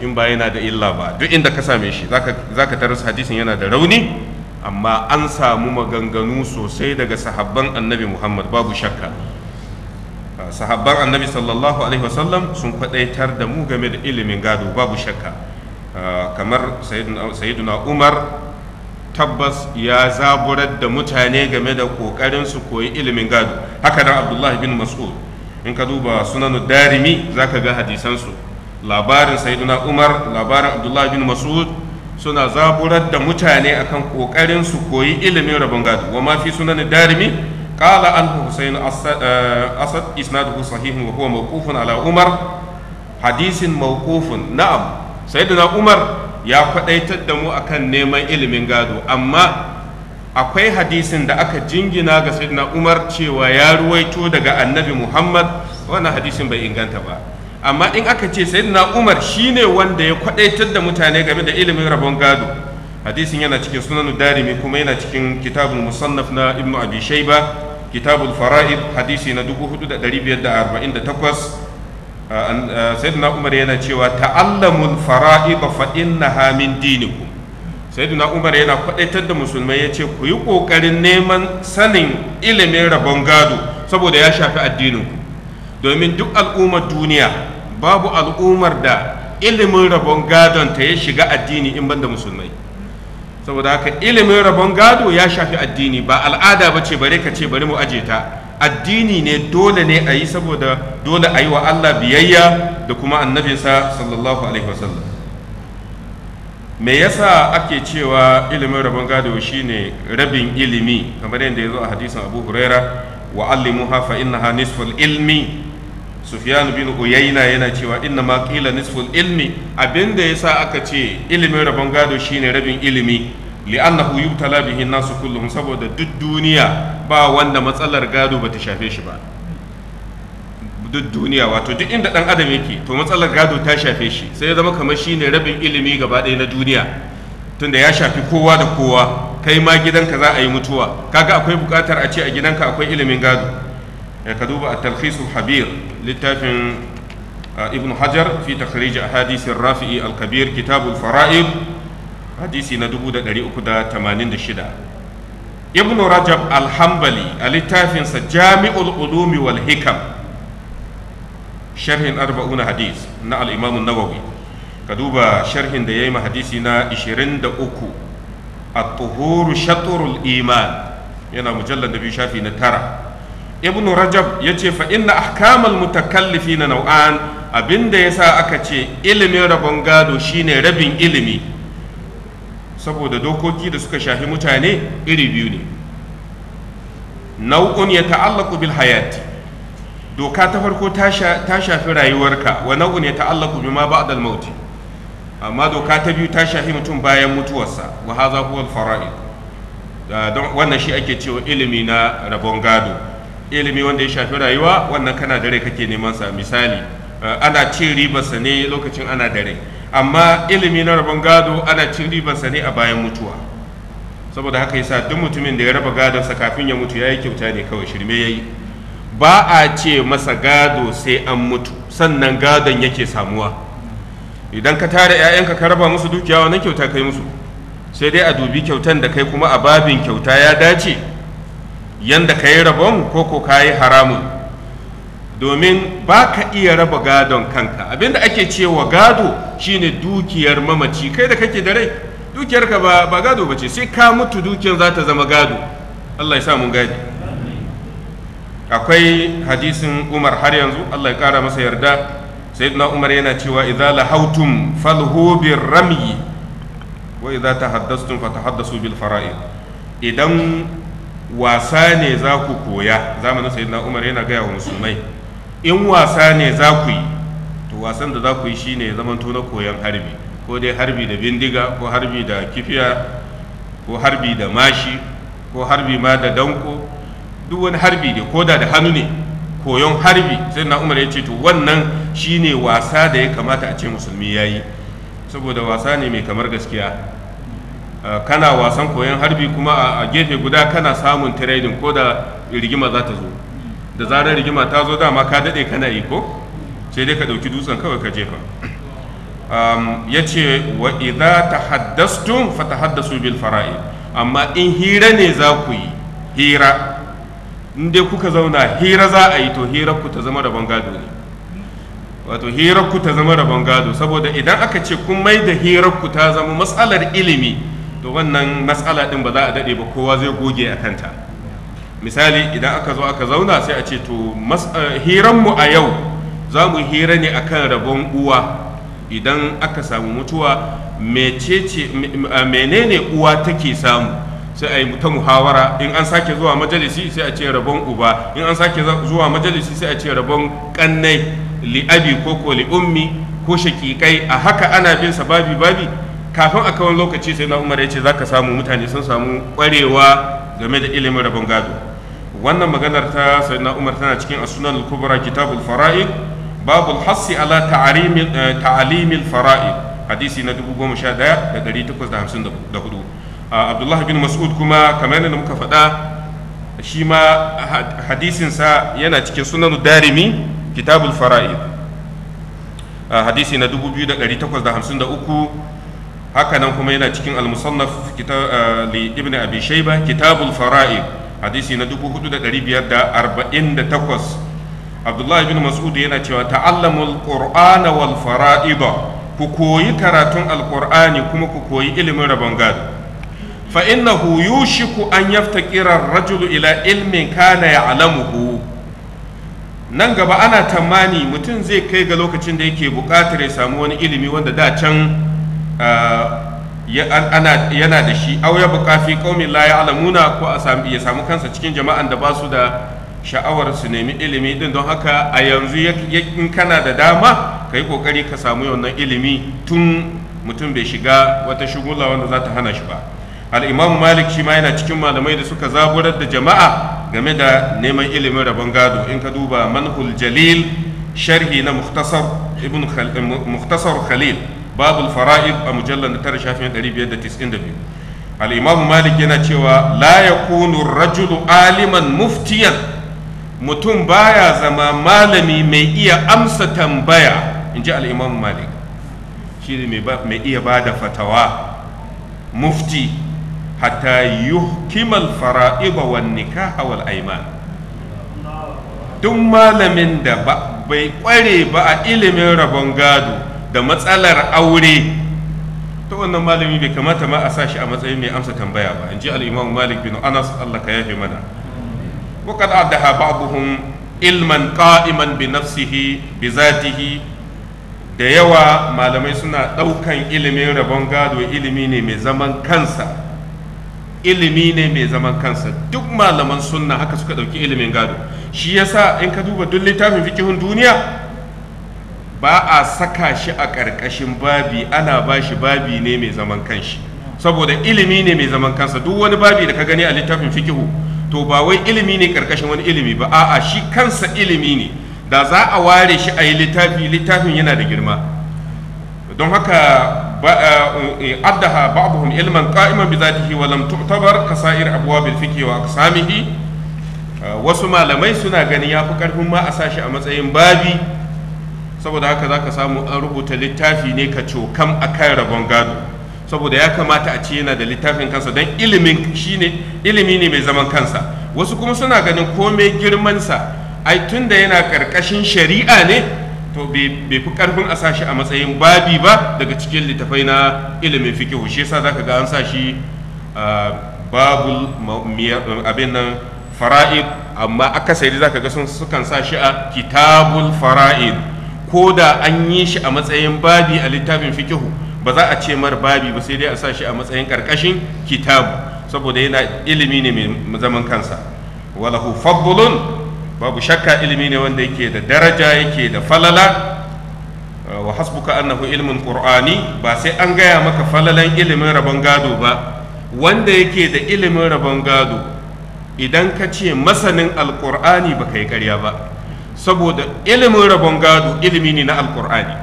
in ba yana da illa ba duk inda ka same shi zaka tarasa hadisin yana da rauni amma an samu maganganu sosai daga sahabban annabi muhammad babu shakka ah, sahabban annabi sallallahu alaihi wasallam sun kwadaitar da mu game da ilimin gado babu shakka ah, kamar sayyiduna umar tabbas ya zaburar da mutane game da kokarin su koyi ilimin gado haka nan abdullahi bin mas'ud in ka duba sunanu darimi za ka ga hadisan su labarin sayyiduna umar labarin abdullahi bin mas'ud suna zaburar da mutane akan kokarin su koyi ilimin rabon gado wa ma fi sunan darimi qala an husayn eh, asad isnaduhu sahihun wa huwa mawqufun ala umar hadisin mawqufun na'am sayyiduna umar ya kwaɗaitar da mu akan neman ilimin gado amma akwai hadisin da aka jingina ga sayyidina umar cewa ya ruwaito daga annabi muhammad wannan hadisin bai inganta ba amma in aka ce sayyidina umar shine wanda ya kwaɗaitar da mutane game da ilimin rabon gado hadisin yana cikin sunan darimi kuma yana cikin kitabun musannaf na ibnu abi shaiba kitabul fara'id hadisi na 4548 sayyidina umar yana cewa ta'allamul fara'id fa innaha min dinikum sayyidina umar yana kwadaitar da musulmai yace ku yi kokarin neman sanin ilimin rabon gado saboda ya shafi addinin ku domin duk al'ummar duniya babu al'ummar da ilimin rabon gadon ta ya shiga addini in banda musulmai saboda haka ilimin rabon gado ya shafi addini ba al'ada ba ce bare ka ce bari mu aje ta addini ne dole ne a yi saboda dole a yi wa Allah biyayya da kuma annabinsa sallallahu alaihi wasallam me yasa ake cewa ilimin rabon gado ne rabin ilimi kamar yadda ya zo a hadisin abu huraira wa hafa fa ha nisful ilmi sufiyanu bin uyayna yana cewa inna ma kila nisful ilmi abinda yasa aka ce ilimin rabon gado shine rabin ilimi li'annahu yubtala bihi nasu kullum saboda duk duniya ba wanda matsalar gado bata shafe shi ba duk duniya wato duk inda dan adam yake to matsalar gado ta shafe shi sai ya zama kamar shine rabin ilimi gaba ɗaya na duniya tunda ya shafi kowa da kowa kai ma gidanka za a yi mutuwa kaga akwai bukatar a ce a gidanka akwai ilimin gado ya eh, ka duba at-talkhisul habir littafin ah, ibn hajar fi takhrij ahadith ar-rafi'i al-kabir kitabul fara'id hadisi na 386 ibn rajab alhambali a littafinsa jami'ul ulumi wal hikam sharhin arba'una hadis na al-imam nawawi ka duba sharhin da ya yi hadisi na 23 a tuhuru shatrul iman yana mujallar da biyu shafi na tara ibn rajab ya ce fa inna ahkamal mutakallifi na nau'an abinda ya sa aka ce ilimin rabon gado shine rabin ilimi saboda dokoki da suka shafi mutane iri biyu ne nau'un ya ta'allaku bil hayati doka ta farko ta shafi rayuwarka wa nau'un ya ta'allaku ma ba'da al mauti amma doka ta biyu ta shafi mutum bayan mutuwarsa wa hadha huwa al fara'id don wannan shi ake cewa ilimi na rabon gado ilimi wanda ya shafi rayuwa wannan kana dare kake neman sa misali eh, ana ce ribarsa ne lokacin ana dare amma ilimi na rabon gado ana cin ribansa ne a bayan mutuwa saboda haka yasa duk mutumin da ya raba sa kafin ya mutu ya yi kyauta ne kawai shirme ya yi ba a ce masa gado sai an mutu sannan gadon yake samuwa idan ka tara 'ya'yanka ka raba musu dukiya wannan kyauta kai musu sai dai a dubi kyautan da kai kuma a babin kyauta ya dace yanda ka yi rabon ko ko ka yi haramun domin ba ka iya raba gadon kanka abinda ake cewa gado shine dukiyar mamaci kai da kake da rai dukiyarka ba ba gado bace sai ka mutu dukiyar za ta zama gado Allah ya sa gadi akwai hadisin Umar har yanzu Allah ya kara masa yarda sayyidina Umar yana cewa idza hautum falhu bir rami wa idza tahaddastum fatahaddasu bil fara'id idan wasa ne za ku koya zamanin sayyidina Umar yana ga musulmai in wasa ne za ku yi to wasan da za ku yi shine ya zamanto na koyon harbi ko dai harbi da bindiga ko harbi da kifiya ko harbi da mashi ko harbi ma da danko duk wani harbi da koda da hannu ne koyon harbi sai na umar ya ce to wannan shi ne wasa da ya kamata a ce musulmi ya yi saboda wasa ne mai kamar gaskiya kana wasan koyon harbi kuma a gefe guda kana samun tiredin ko da rigima za ta zo da zarar rigima ta zo dama ka daɗe kana yi ko sai dai ka ɗauki dutsen kawai ka jefa ya ce wa idza tahaddastum fa tahaddasu bil fara'i amma in hira ne za ku yi hira in dai kuka zauna hira za a yi to hirarku ta zama rabon gado ne wato hirarku ta zama rabon gado saboda idan aka ce kun mai da hirar ta zama matsalar ilimi to wannan matsala din ba za a daɗe ba kowa zai goge a kanta misali idan aka zo aka zauna sai a ce to eh, hiranmu a yau za mu hira ne a kan rabon uwa idan aka samu mutuwa menene uwa take samu sai a yi ta muhawara in an sake zuwa majalisi sai a ce rabon uba in an sake zuwa majalisi sai a ce rabon kannai li'abi ko ko li'ummi ko shakikai a haka ana bin sa babi babi kafin a kawan lokaci sai na umar ya ce za ka samu mutane sun samu kwarewa game da ilimin rabon gado wannan maganar ta sayyidina umar tana cikin as-sunan al-kubra kitabul fara'id babul hassi ala eh, ta'alimil fara'id hadisi na 11854 abdullahi bin mas'ud kuma kamar yadda muka faɗa shi ma hadisinsa yana cikin sunan darimi kitabul fara'id hadisi na 2853 haka nan kuma yana cikin al-musannaf eh, li ibn abi shayba kitabul fara'id hadisi na 4548 abdullahi bin mas'ud yana cewa ta'allamul qur'ana wal fara'ida ku koyi karatun alqur'ani kuma ku koyi ilimin rabon gado fa innahu yushiku an yaftakira rajulu ila ilmin kana ya'lamuhu nan gaba ana tamani mutum zai kai ga lokacin da yake buƙatar ya samu wani ilimi wanda da can ah, yana da shi auya ya kaumin ƙaumin la ya'lamuna ko ya samu kansa cikin jama'an da ba su da sha'awar su nemi ilimi din don haka a yanzu in kana da dama ka yi ka samu wannan ilimi tun mutum bai shiga wata shugula wanda za ta hana shi ba al'imamu malik shi ma yana cikin malamai da suka zaburar da jama'a game da neman ilimin rabon gado in ka duba manhul jalil sharhi na muktasar khalil babul fara'id a mujallar da tara shafin 592 al'imamu malik yana cewa layakunu rajulu aliman muftiyan mutum baya zama malami mai iya amsa tambaya in ji al'imamu malik shi ne mai iya ba da fatawa mufti hatta yuhkimal fara'iba wa nikaha wal aiman duk malamin da bai kware ba a ilimin rabon gado da matsalar aure ta, wannan malami bai kamata ma a sashi a matsayin mai amsa tambaya ba in ji al'imamu malik bin anas allah ka yafe mana ko وقد أدها بعضهم ilman bi nafsihi bi zatihi da yawa malamai suna ɗaukan ilimin rabon gado ilimi ne mai zaman kansa ilimi ne mai zaman kansa duk malaman sunna haka suka ɗauki ilimin gado shi yasa in ka duba duk littafin fikihun duniya ba a saka shi a ƙarƙashin babi ana ba shi babi ne mai zaman kanshi saboda ilimi ne mai zaman kansa duk wani babi da ka gani a littafin fikihu to ba wai ilimi ne ƙarƙashin wani ilimi ba a'a shi kansa ilimi ne da za a ware shi a yi littafi littafin yana da girma don haka eh, eh, addaha ba'dhum ilman qa'iman bi zatihi wa lam tu'tabar kasair abwabil fiqh wa aqsamihi eh, wasu malamai suna ganin yafi karfin ma a sashi a matsayin babi saboda haka za ka samu an rubuta littafi ne ka cokam a kan rabon gado saboda ya kamata a ce yana da littafin kansa don ilimin ne ilimi ne mai zaman kansa wasu kuma suna ganin komai girmansa ai tun da yana karkashin shari'a ne to bai fi karfin a sashi a matsayin babi ba daga cikin littafai na ilimin fikihu shi yasa zaka ga an sa shi abin nan fara'id amma akasari zaka ga sun sukan sa shi a kitabul fara'id ko da an yi shi a matsayin babi a littafin fikihu ba za a ce mar babi ba sai dai a sa shi a matsayin karkashin kitabu saboda yana ilimi ne mai zaman kansa walahu fadlun babu shakka ilimi ne wanda yake da daraja yake da falala wa hasbuka annahu ilmin qur'ani ba sai an gaya maka falalan ilimin rabon gado ba wanda yake da ilimin rabon gado idan ka ce masanin alqur'ani ba yi ƙarya ba saboda ilimin rabon gado ilimi ne na alkur'ani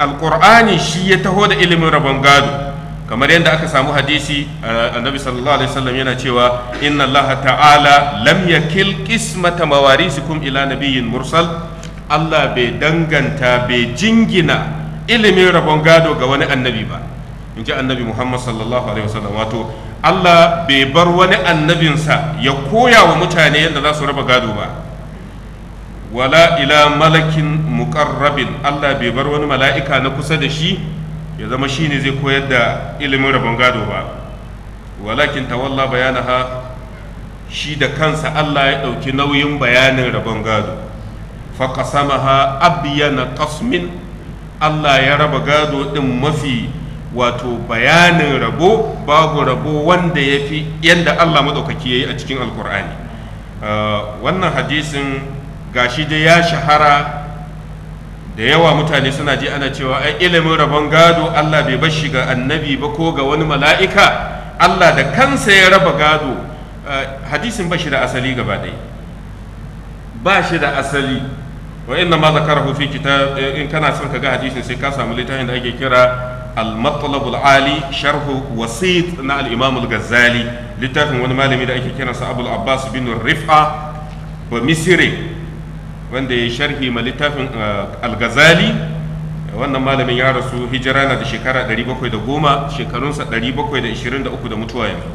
alkur'ani shi ya taho da ilimin rabon gado kamar yadda aka samu hadisi eh, annabi sallallahu alaihi wasallam yana cewa inna allaha ta'ala lam yakil qismata mawarisikum ila nabiyyin mursal Allah bai danganta bai jingina ilimin rabon gado ga wani annabi ba in ji annabi Muhammad sallallahu alaihi wasallam wato Allah bai bar wani annabinsa ya koya wa mutane yadda za su raba gado ba wala ila malakin mukarrabin Allah bai bar wani mala'ika na kusa da shi ya zama shi ne zai koyar da ilimin rabon gado ba walakin tawalla bayanaha shi da kansa Allah ya ɗauki nauyin bayanin rabon gado faƙasamaha abiyana qasmin Allah ya raba gado ɗin mafi wato bayanin rabo babu rabo wanda ya fi yadda Allah maɗaukaki ya yi a cikin alkur'ani uh, wannan hadisin gashi dai ya shahara da yawa mutane suna ji ana cewa ai ilimin rabon gado Allah bai bashi ga annabi ba ko ga wani mala'ika Allah da kansa ya raba gado eh, hadisin bashi da asali gaba ɗaya ba shi da asali wa inna ma zakarahu fi kitab eh, in kana son ka ga hadisin sai ka samu littafin da ake kira al-matlab ali sharh wasit na al-imam al-ghazali littafin wani malami da ake sa abul abbas bin rif'a ba misri wanda ya sharhi ma littafin uh, al-ghazali wannan malamin ya rasu hijira na da shekara 710 shekarunsa 723 da mutuwa yanzu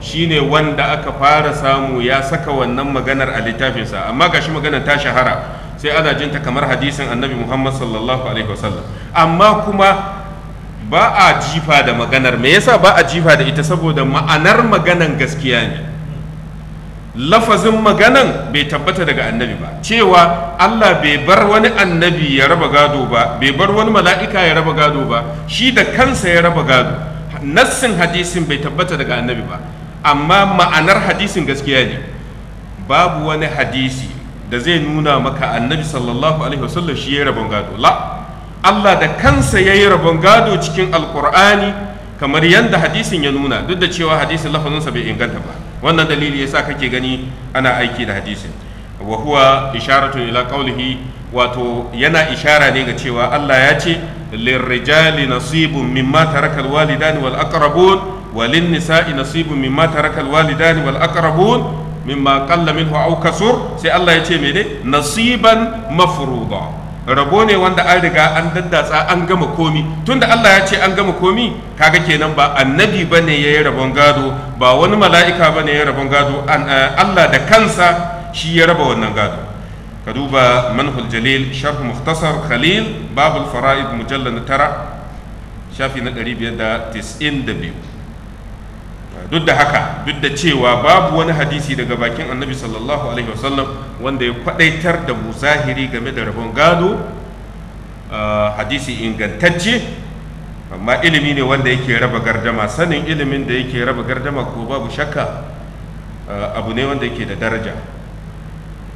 shine wanda aka fara samu ya saka wannan maganar a littafinsa amma gashi maganar ta shahara sai ana jinta kamar hadisin annabi muhammad sallallahu alaihi wasallam amma kuma ba a jifa da maganar me yasa ba a jifa da ita saboda ma'anar maganar gaskiya ne lafazin maganan bai tabbata daga annabi ba cewa Allah bai bar wani annabi ya raba gado ba bai bar wani mala'ika ya raba gado ba shi da kansa ya raba gado nassin hadisin bai tabbata daga annabi ba amma ma'anar hadisin gaskiya ne babu wani hadisi da zai nuna maka annabi sallallahu alaihi wasallam shi ya rabon gado la Allah da kansa ya yi rabon gado cikin alkur'ani kamar yadda hadisin ya nuna duk da cewa hadisin lafazinsa bai inganta ba wannan dalili yasa kake gani ana aiki da hadisin wa huwa isharatu ila qawlihi wato yana ishara ne ga cewa Allah ya ce lirrijali nasibun mimma taraka alwalidani wal aqrabun walin nisa'i nasibun mimma taraka alwalidani wal aqrabun mimma qalla minhu aw kasur sai Allah ya ce mene nasiban mafruḍa rabo ne wanda an riga an daddatsa an gama komi tunda Allah ya ce an gama komi kaga kenan ba annabi bane yayi rabon gado ba wani mala'ika bane yayi rabon gado eh, Allah da kansa shi ya raba wannan gado ka duba manhul jalil sharh mukhtasar khalil babul fara'id mujallal tara shafi na 592 duk da haka duk da cewa babu wani hadisi daga bakin annabi sallallahu alaihi wasallam wanda ya kwadaitar da mu zahiri game da rabon gado hadisi ingantacce amma ilimi ne wanda yake raba gardama sanin ilimin da yake raba gardama ko babu shakka abu ne wanda yake da daraja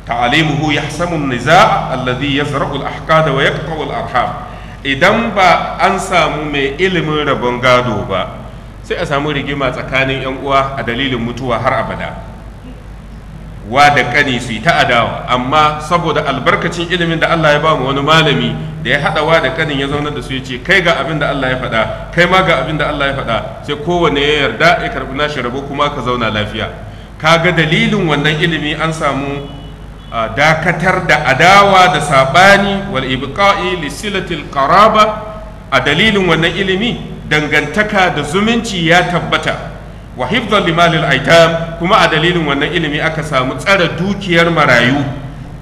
ta'alimuhu yahsamu an-niza' alladhi yazra'u al-ahqada wa yaqta'u al-arham idan ba an samu mai ilimin rabon gado ba sai a samu rigima tsakanin 'yan uwa a dalilin mutuwa har abada wa da kani su ta adawa amma saboda albarkacin ilimin da Allah ya ba mu wani malami da ya haɗa wa da kanin ya zauna da su ya ce kai ga abin da Allah ya faɗa kai ma ga abin da Allah ya faɗa sai kowane ya yarda ya karɓi nashi rabo kuma ka zauna lafiya kaga dalilin wannan ilimi an samu dakatar da adawa da sabani wal ibqa'i li qaraba a dalilin wannan ilimi dangantaka da zumunci ya tabbata wa hifdhan limalil aitam kuma a dalilin wannan ilimi aka samu tsara dukiyar marayu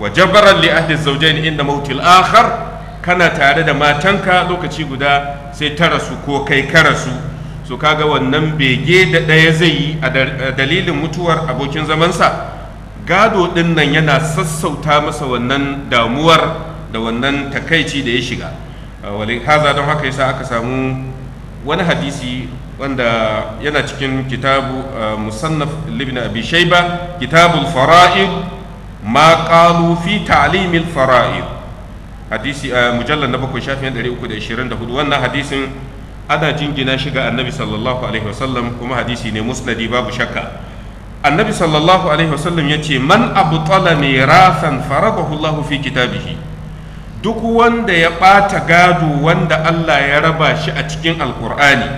wa jabaran li ahli zawjain inda mautil akhar kana tare da matanka lokaci guda sai ta rasu ko kai ka rasu so kaga wannan bege da ɗaya zai yi a dalilin mutuwar abokin zamansa gado ɗin nan yana sassauta masa wannan damuwar da wannan takaici da ya shiga wali haza don haka yasa aka samu wani hadisi wanda yana cikin kitabu uh, musannaf libna abi shaiba kitabul fara'id ma qalu fi ta'limil fara'id hadisi uh, mujallal na bakwai shafin 324 wannan hadisin ana jingina shiga annabi sallallahu alaihi wasallam kuma hadisi ne musnadi babu shakka annabi sallallahu alaihi wasallam ya ce man abtala mirasan faragahu Allah fi kitabihi duk wanda ya ɓata gado wanda Allah ya raba shi a cikin alkur'ani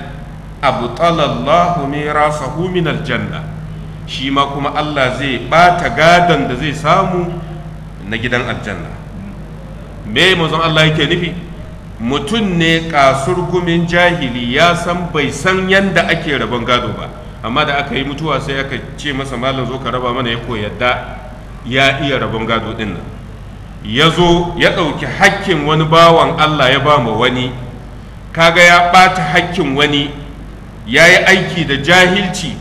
abu talallahu mirasahu min aljanna shi ma kuma Allah zai ɓata gadon da zai samu na gidan aljanna me mazan Allah yake nufi mutum ne kasurgumin jahili ya san bai san yadda ake rabon gado ba amma da aka yi mutuwa sai aka ce masa malam zo ka raba mana ya da ya iya rabon gado din ya zo ya ɗauki hakkin wani bawan Allah ya ba mu wani kaga ya ɓata hakkin wani ya yi aiki da jahilci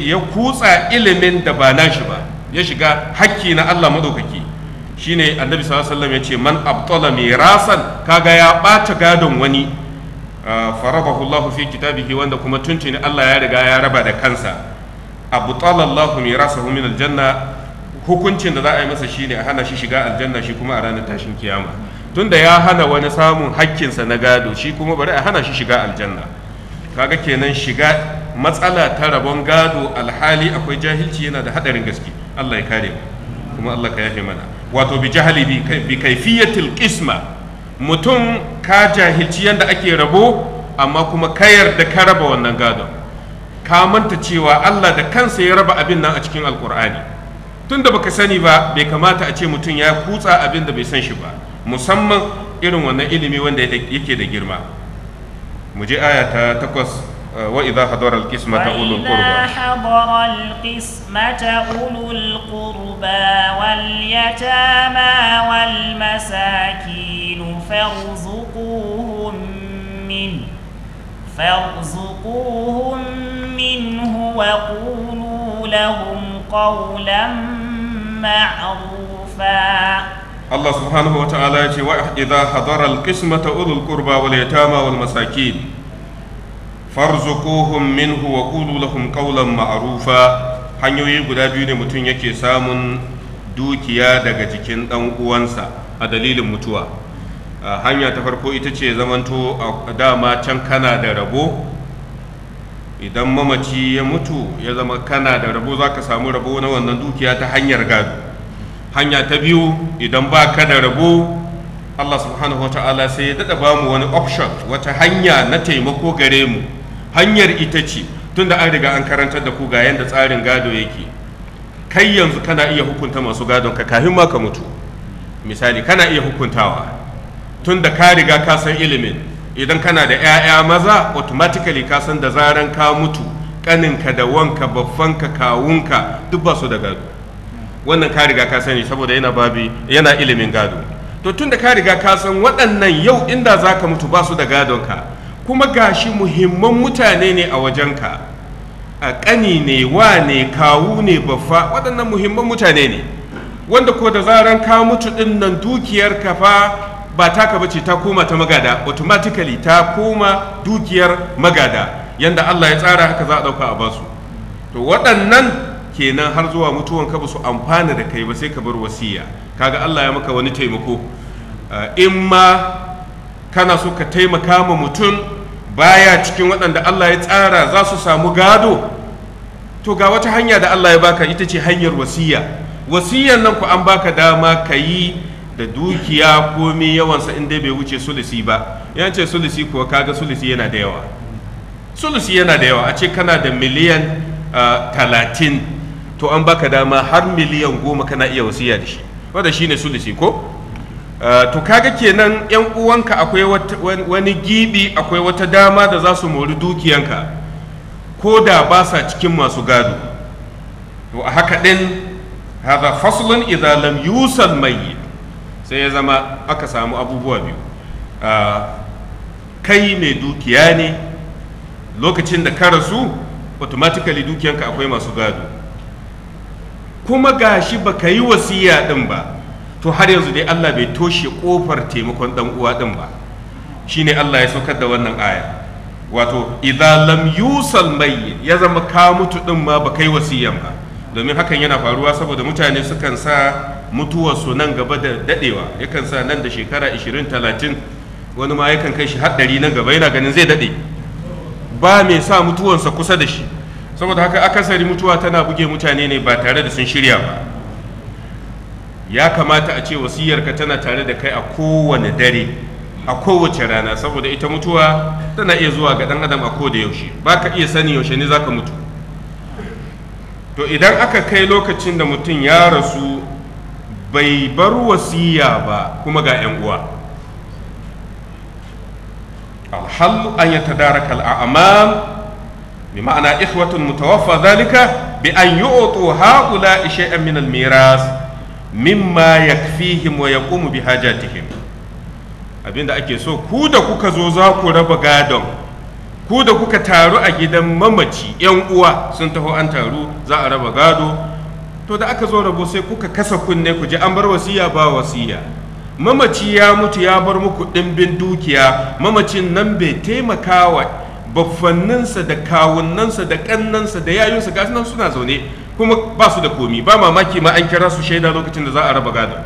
ya kutsa ilimin da ba nashi ba ya shiga hakki na Allah maɗaukaki shine annabi sallallahu ya ce man mai rasan kaga ya ɓata gadon wani farabahu Allah fi kitabihi wanda kuma tuntuni Allah ya riga ya raba da kansa tsallallahu mai rasa min aljanna hukuncin da za a yi masa shine a hana shi shiga aljanna shi kuma a ranar tashin kiyama tunda ya hana wani samun hakkinsa na gado shi kuma bari a hana shi shiga aljanna kaga kenan shiga matsala ta rabon gado alhali akwai jahilci yana da hadarin gaske Allah ya kare mu kuma Allah ka yafe mana wato bi jahali bi kaifiyatil qisma mutum ka jahilci yanda ake rabo amma kuma ka yarda ka raba wannan gado ka manta cewa Allah da kansa ya raba abin nan a cikin alqur'ani tun da baka sani ba bai kamata a ce mutum ya kutsa abin da bai san shi ba musamman irin wannan ilimi wanda yake da girma mu je aya ta takwas eh, wa idza hadara alqismata ulul qurba wa idza hadara ulul qurba wal yatama wal masakin farzuquhum min farzuquhum minhu wa qulu lahum قولا معروفا الله سبحانه وتعالى وإذا حضر القسمة أولو القربى واليتامى والمساكين farzuquhum minhu wa qulu lahum qawlan hanyoyi guda biyu ne mutum yake samun dukiya daga jikin ɗan uwansa a dalilin mutuwa hanya ta farko ita ce zamanto a dama can kana da rabo idan mamaci ya mutu ya zama kana da rabo za ka samu rabo na wannan dukiya ta hanyar gado hanya ta biyu idan ba ka da rabo allah subhanahu wa ta'ala sai ya daɗa ba mu wani option wata hanya na taimako gare mu hanyar ita ce tun da an riga an karantar da ku ga yadda tsarin gado yake kai yanzu kana iya hukunta masu gadon ka kafin ma ka mutu misali kana iya hukuntawa tun da ka riga ka san ilimin idan kana da 'ya'ya maza automatically ka san da zaran ka mutu kaninka da wanka babbanka kawunka duk ba su da gado wannan ka riga ka sani saboda yana babi yana ilimin gado to tun da ka riga ka san waɗannan yau inda za ka mutu ba su da gadonka kuma gashi muhimman mutane ne a wajenka a ƙani ne wa ne kawu ne baffa waɗannan muhimman mutane ne wanda ko da zaran ka mutu ɗin nan dukiyarka fa ba taka bace ta koma ta magada automatically ta koma dukiyar magada yanda Allah ya tsara haka za a dauka a basu to waɗannan kenan har zuwa mutuwan ka su amfana da kai ba sai ka bar wasiya kaga Allah ya maka wani taimako eh, in ma kana so ka taimaka ma mutum baya cikin waɗanda Allah ya tsara za su samu gado to ga wata hanya da Allah ya baka ita ce hanyar wasiya wasiyan nan ku an baka dama ka yi da dukiya komi yawansa in dai bai wuce sulusi ba yan ce sulusi kuwa kaga sulusi yana da yawa sulusi yana da yawa a ce kana da miliyan ah, talatin to an baka dama har miliyan goma kana iya wasiya da shi wanda shine sulusi ko ah, to kaga kenan yan uwanka akwai wani gibi akwai wata dama da za su mori dukiyanka ko da ba sa cikin masu gado to a haka din hadha faslun idza lam yusal mayyit sai ya zama aka samu abubuwa biyu ah, kai mai dukiya ne lokacin da ka rasu automatically dukiyanka akwai masu gado kuma ga gashi baka yi wasiya din ba to har yanzu dai Allah bai toshe kofar taimakon dan uwa din ba shine Allah ya saukar da wannan aya wato idza lam yusal ya zama ka mutu din ma baka yi wasiyan ba domin hakan yana faruwa saboda mutane sukan sa mutuwarsu nan gaba da dadewa yakan sa nan da shekara 20-30 wani ma yakan kai shi haɗari nan gaba yana ganin zai dade ba mai sa mutuwarsa kusa da shi saboda haka akasari mutuwa tana buge mutane ne ba tare da sun shirya ba ya kamata a ce wasiyarka tana tare da kai a kowane dare a kowace rana saboda ita mutuwa tana iya zuwa ga dan adam a ko da yaushe ba ka iya sani yaushe ne ka mutu to idan aka kai lokacin da mutum ya rasu bai bar wasiya ba kuma ga 'yan uwa alhallu an ya tadaraka al'amam bi ma'ana ikhwatun mutawaffa zalika bi an yu'tu haula shay'an min al-miras mimma yakfihim wa yaqumu bi hajatihim abinda ake so ku da kuka zo za ku raba gadon ku da kuka taru a gidan mamaci 'yan uwa sun taho an taru za a raba gado to da aka zo rabo sai kuka kasa kunne ku ji an bar wasiya ba wasiya mamaci ya mutu ya bar muku ɗimbin dukiya mamacin nan bai taimaka wa baffanninsa da kawunnansa da ƙannansa da yayunsa ga nan suna zaune kuma ba su da komi ba mamaki ma an kira su shaida lokacin da za a raba gado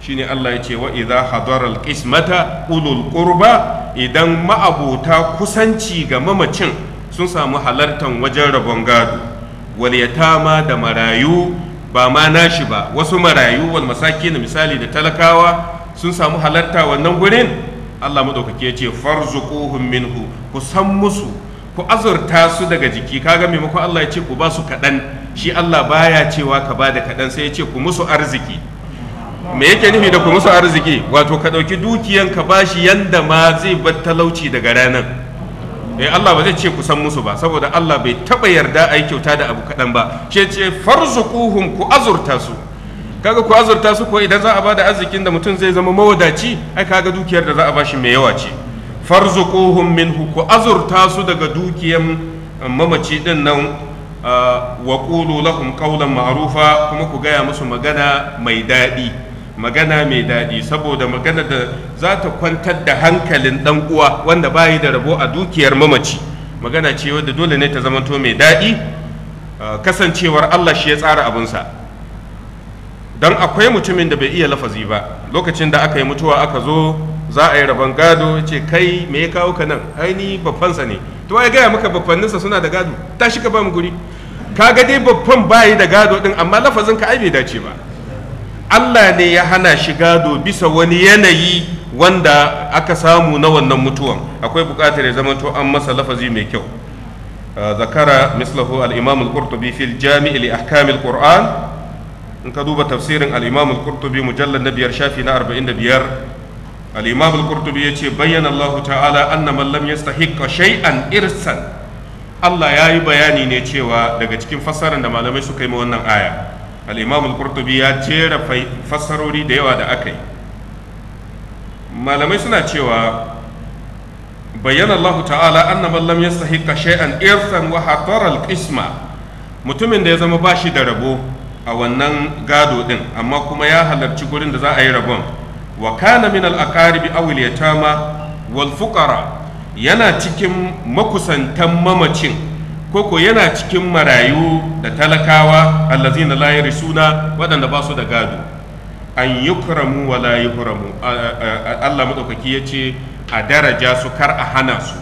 shine Allah ya ce wa idza hadara alqismata ulul qurba idan ma'abota kusanci ga mamacin sun samu halartan wajen rabon gado wal yatama da marayu ba ma nashi ba wasu marayu wal na misali da talakawa sun samu halarta wannan gurin Allah madaukake ya ce farzuquhum minhu ku san musu ku azurta su daga jiki kaga maimakon Allah ya ce ku ba su kaɗan shi Allah baya cewa ka ba da kaɗan sai ya ce ku musu arziki me yake nufi da ku musu arziki wato ka ɗauki dukiyan ka bashi yanda ma zai bar talauci daga ranar eh Allah ba zai ce kusan san musu ba saboda Allah bai taba yarda a yi kyauta da abu kaɗan ba ce ce kuhun ku azurta su kaga ku azurta su ko idan za a da arzikin da mutum zai zama mawadaci ai kaga dukiyar da za a ba shi mai yawa ce kuhun minhu ku azurta su daga dukiyar eh, mamaci din nan eh, wa qulu lahum qawlan ma'rufa kuma ku gaya musu magana mai daɗi magana mai daɗi saboda magana da za ta kwantar da hankalin ɗan uwa wanda bayi da rabo a dukiyar mamaci magana ce wadda dole ne ta zamanto mai daɗi kasancewar Allah shi ya tsara abinsa don akwai mutumin da bai iya lafazi ba lokacin da aka yi mutuwa aka zo za a yi rabon gado ce kai me ya kawo ka nan aini babbansa ne to ya gaya maka babbanninsa suna da gado ta shi ka ba mu guri ka ga dai babban bayi da gado din amma lafazin ka ai bai dace ba Allah ne ya hana shi gado bisa wani yanayi wanda aka samu na wannan mutuwan akwai buƙatar ya zamanto an masa lafazi mai kyau ah, zakara mislahu al-imam al-qurtubi fil jami' li ahkam al-qur'an in ka duba tafsirin al-imam al-qurtubi mujallad na biyar shafi na 45 al-imam al-qurtubi yace bayyana Allah ta'ala anna man lam yastahiqqa shay'an irsan Allah ya yi bayani ne cewa daga cikin fassarar da malamai suka yi ma wannan aya al-imam ya jera fassarori da yawa da aka yi malamai suna cewa bayyana Allah ta'ala anna man sahi yastahiqqa sha’an irsan wa hatoral kisma. mutumin da ya zama bashi da rabo a wannan gado ɗin amma kuma ya halarci gurin da za a yi rabon wa kana min al-aqaribi wal fukara yana cikin makusantan mamacin koko yana cikin marayu da talakawa allazina la yarisuna waɗanda ba su da gado an kuramu wa la kuramu. Allah ya yace a daraja su kar a hana su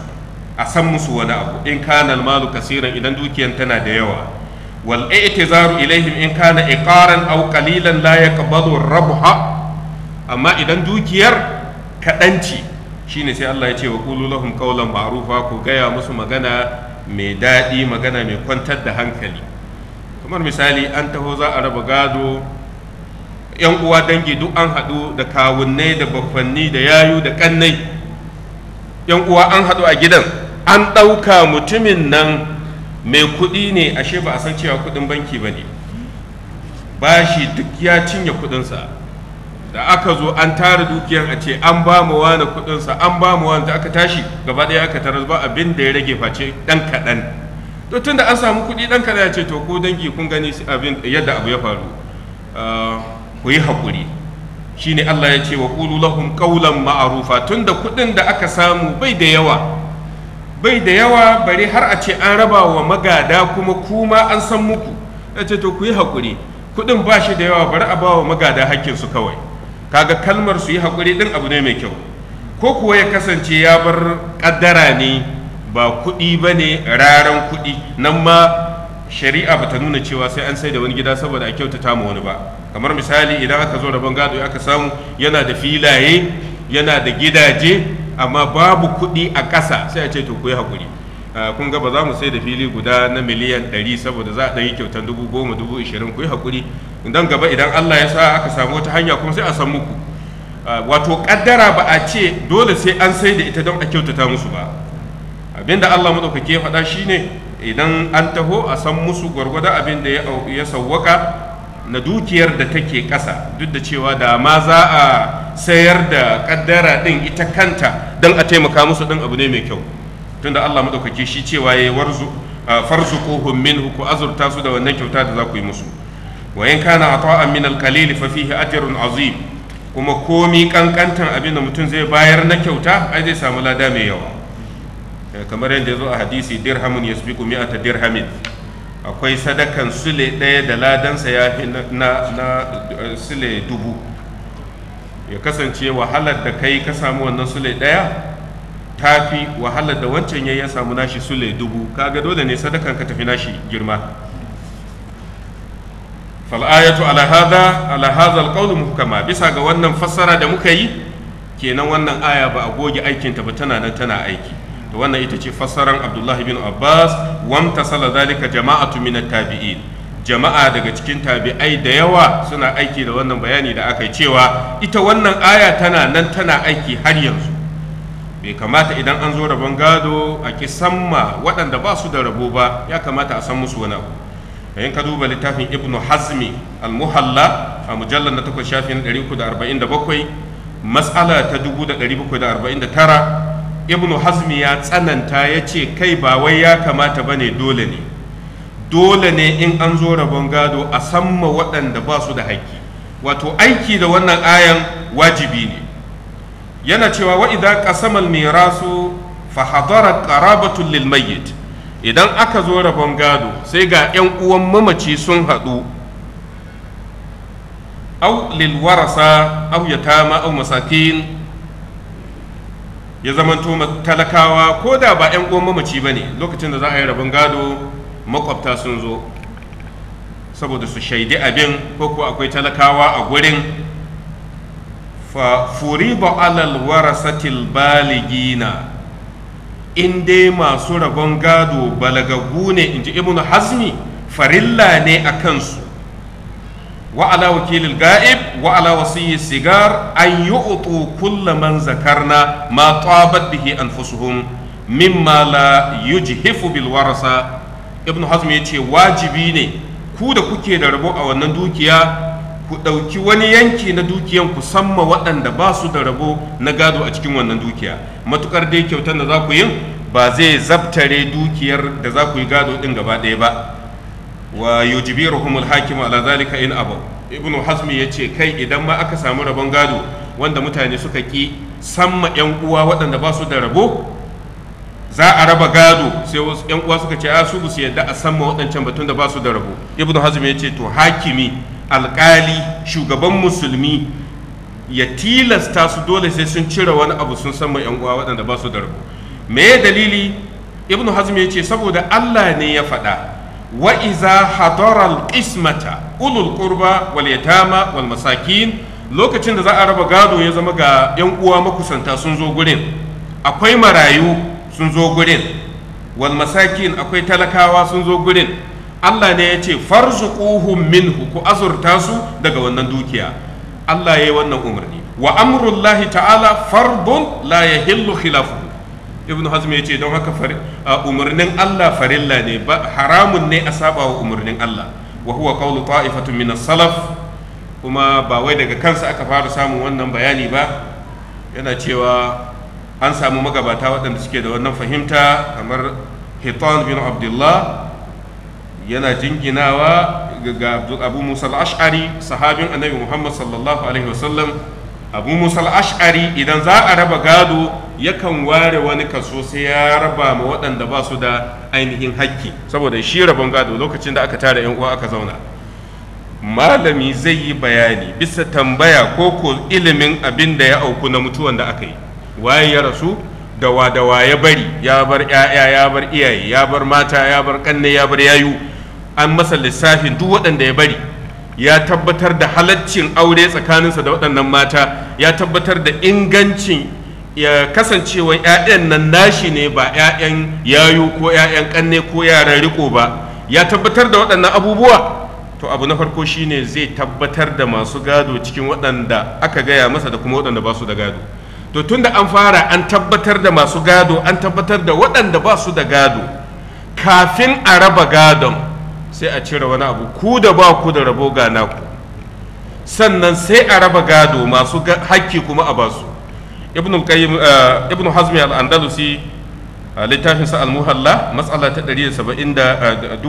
a san musu wani abu in kana malu kasiran idan dukiyan tana da yawa wal i'tizaru ilaihim in kana iqaran aw qalilan la yaqbalu rabha amma idan dukiyar kadanci shine sai Allah ya ce wa qulu lahum qawlan ma'rufa ku gaya musu magana mai daɗi magana mai kwantar da hankali kamar misali an taho za a raba gado yan uwa dangi duk an haɗu da kawunnai da baffanni da yayu da ƙannai. yan uwa an haɗu a gidan an ɗauka mutumin nan mai kuɗi ne ashe ba a san cewa kuɗin banki ba ne bashi duk ya cinye kuɗinsa da aka zo an tara dukiyar a ce an ba mu wani kudinsa an ba mu wani da aka tashi gaba ɗaya aka tarar ba abin da ya rage face ɗan kaɗan to tun da an samu kuɗi ɗan kaɗan ya ce to ko dangi kun gani abin yadda abu ya faru ah, ku yi haƙuri shine Allah ya ce wa qulu lahum qawlan ma'rufa tunda kuɗin da aka samu bai da yawa bai da yawa bare har a ce an raba wa magada kuma kuma an san muku ya ce to ku yi haƙuri kuɗin ba shi da yawa bari a ba wa magada hakkinsu kawai kaga kalmar su yi haƙuri ɗin abu ne mai kyau ko kuwa ya kasance ya bar ƙaddara ne ba kuɗi ba ne raran kuɗi nan ma shari'a ba ta nuna cewa sai an sai da wani gida saboda a kyautata ma wani ba kamar misali idan aka zo da gado aka samu yana da filaye yana da gidaje amma babu kuɗi a ƙasa sai a ce to ku yi haƙuri ah, kun ga ba za mu sai da fili guda na miliyan ɗari saboda za a ɗan yi kyautar dubu goma dubu ashirin ku yi haƙuri dan gaba idan Allah ya sa aka samu wata hanya kuma sai a san muku ah, wato kaddara ba a ce dole sai an sai da ita don a kyautata musu ba abinda Allah madaukake faɗa shine idan an taho a san musu gwargwada abin da ya sauwaka na dukiyar da take ƙasa duk da cewa da ma za a sayar da kaddara din ita kanta don a taimaka musu din abu ne mai kyau tunda Allah madaukake shi cewa ya warzu ah, farzuquhum ku azurta su da wannan kyauta da za ku yi musu wa in kana ata'an min al azim kuma komi kankantan abin da mutum zai bayar na kyauta ai samu lada mai yawa eh, kamar yadda zo a hadisi dirhamun yasbiqu mi'ata dirhamin akwai sadakan sule ɗaya da ladansa ya fi na, eh, sule dubu ya kasance wahalar da kai ka samu wannan sule ɗaya ta fi wahalar da wancan ya samu nashi sule dubu kaga dole ne sadakan ka tafi nashi girma fal'ayatu ala hadha ala hadha alqawl muhkama bisa ga wannan fassara da muka yi kenan wannan aya ba a goge aikin ta ba tana nan tana aiki to wannan ita ce fassaran Abdullah bin Abbas wamtasala zalika jama'atu min at-tabi'in jama'a daga cikin tabi'ai da yawa suna aiki da wannan bayani da aka yi cewa ita wannan aya tana nan tana aiki har yanzu bai kamata idan an zo rabon gado a ma waɗanda ba su da rabo ba ya kamata a san musu wani abu Eh, in ka duba littafin ibnu hazmi almuhalla a mujallar na takwas shafin 347 matsala ta 1749 ibnu hazmi ya tsananta ya ce kai ba wai ya kamata ba ne dole ne dole ne in an zo rabon gado a samma waɗanda ba su da haƙƙi wato aiki da wannan ayan wajibi ne yana cewa wa idza qasama al rasu fa hadara qarabatul lil idan aka zo rabon gado sai ga 'yan uwan mamaci sun haɗu au lilwarasa au yatama au masakin ya zamanto talakawa ko da ba 'yan uwan mamaci ba ne lokacin da za a yi rabon gado makwabta sun zo saboda su shaidi abin ko ko akwai talakawa a gurin fa ba alal warasatil baligina in dai masu rabon gado balagaggu ne in ji ibnu hasmi farilla ne a kansu wa ala wakilil ga'ib wa ala wasiyyi sigar an yu'tu kulla man zakarna ma tabat bihi anfusuhum mimma la yujhifu bil warasa ibnu hazm ce wajibi ne ku da kuke da rabo a wannan dukiya ku ɗauki wani yanki na dukiyan ku samma waɗanda ba su da rabo na gado a cikin wannan dukiya matukar dai kyautar da za ku yi ba zai zabtare dukiyar da za ku yi gado ɗin gaba ɗaya ba wa yujibiruhumul hakim ala zalika in abu ibnu hazmi yace kai idan ma aka samu rabon gado wanda mutane suka ki samma yan uwa waɗanda ba su da rabo za a raba gado sai wasu yan uwa suka ce a su su yadda a samma waɗancan batun da ba su da rabo ibnu hazmi yace to hakimi alƙali shugaban musulmi ya tilasta su dole sai sun cire wani abu sun san mai uwa waɗanda ba su da rabu me dalili ibn hazm ya ce saboda allah ne ya faɗa wa iza hadara alqismata ulul qurba wal yatama wal masakin lokacin da za a raba gado ya zama ga yan uwa makusanta sun zo gurin akwai marayu sun zo gurin wal masakin akwai talakawa sun zo gurin Allah ne ya ce farzuquhum minhu ku azurta su daga wannan dukiya Allah ya yi wannan umarni wa amrullahi ta'ala fardun la yahillu khilafuhu ibnu hazm ya ce don haka umarnin Allah farilla ne haramun ne a saba wa umarnin Allah wa huwa qawlu ta'ifatun min salaf kuma ba wai daga kansa aka fara samun wannan bayani ba yana cewa an samu magabata waɗanda suke da wannan fahimta kamar hitan bin abdullah yana jinginawa ga abu musa al'ashari sahabin annabi muhammad sallallahu alaihi wasallam abu musa al'ashari idan za a raba gado yakan ware wani kaso sai ya raba ma waɗanda ba su da ainihin hakki saboda shi rabon gado lokacin da aka tara yan uwa aka zauna malami zai yi bayani bisa tambaya ko ko ilimin abin da ya auku na mutuwan da aka yi waye ya rasu da wa ya bari ya bar 'ya'ya ya bar iyaye ya bar mata ya bar kanne ya bar yayu an masa lissafin duk waɗanda ya bari ya tabbatar da halaccin aure tsakaninsa da waɗannan mata ya tabbatar da ingancin ya kasancewa 'ya'yan nan nashi ne ba 'ya'yan yayo ko 'ya'yan ƙanne ko yaran riko ba ya tabbatar da waɗannan abubuwa to abu na farko shine zai tabbatar da masu gado cikin waɗanda aka gaya masa da kuma waɗanda ba su da gado to tunda an fara an tabbatar da masu gado an tabbatar da waɗanda ba su da gado kafin a raba gadon sai a cire wani abu ku da ba ku da rabo ga naku sannan sai a raba gado masu hakki kuma a basu ibn qayyim eh, ibn hazmi al-andalusi littafin sa al-muhalla mas'ala ta 1749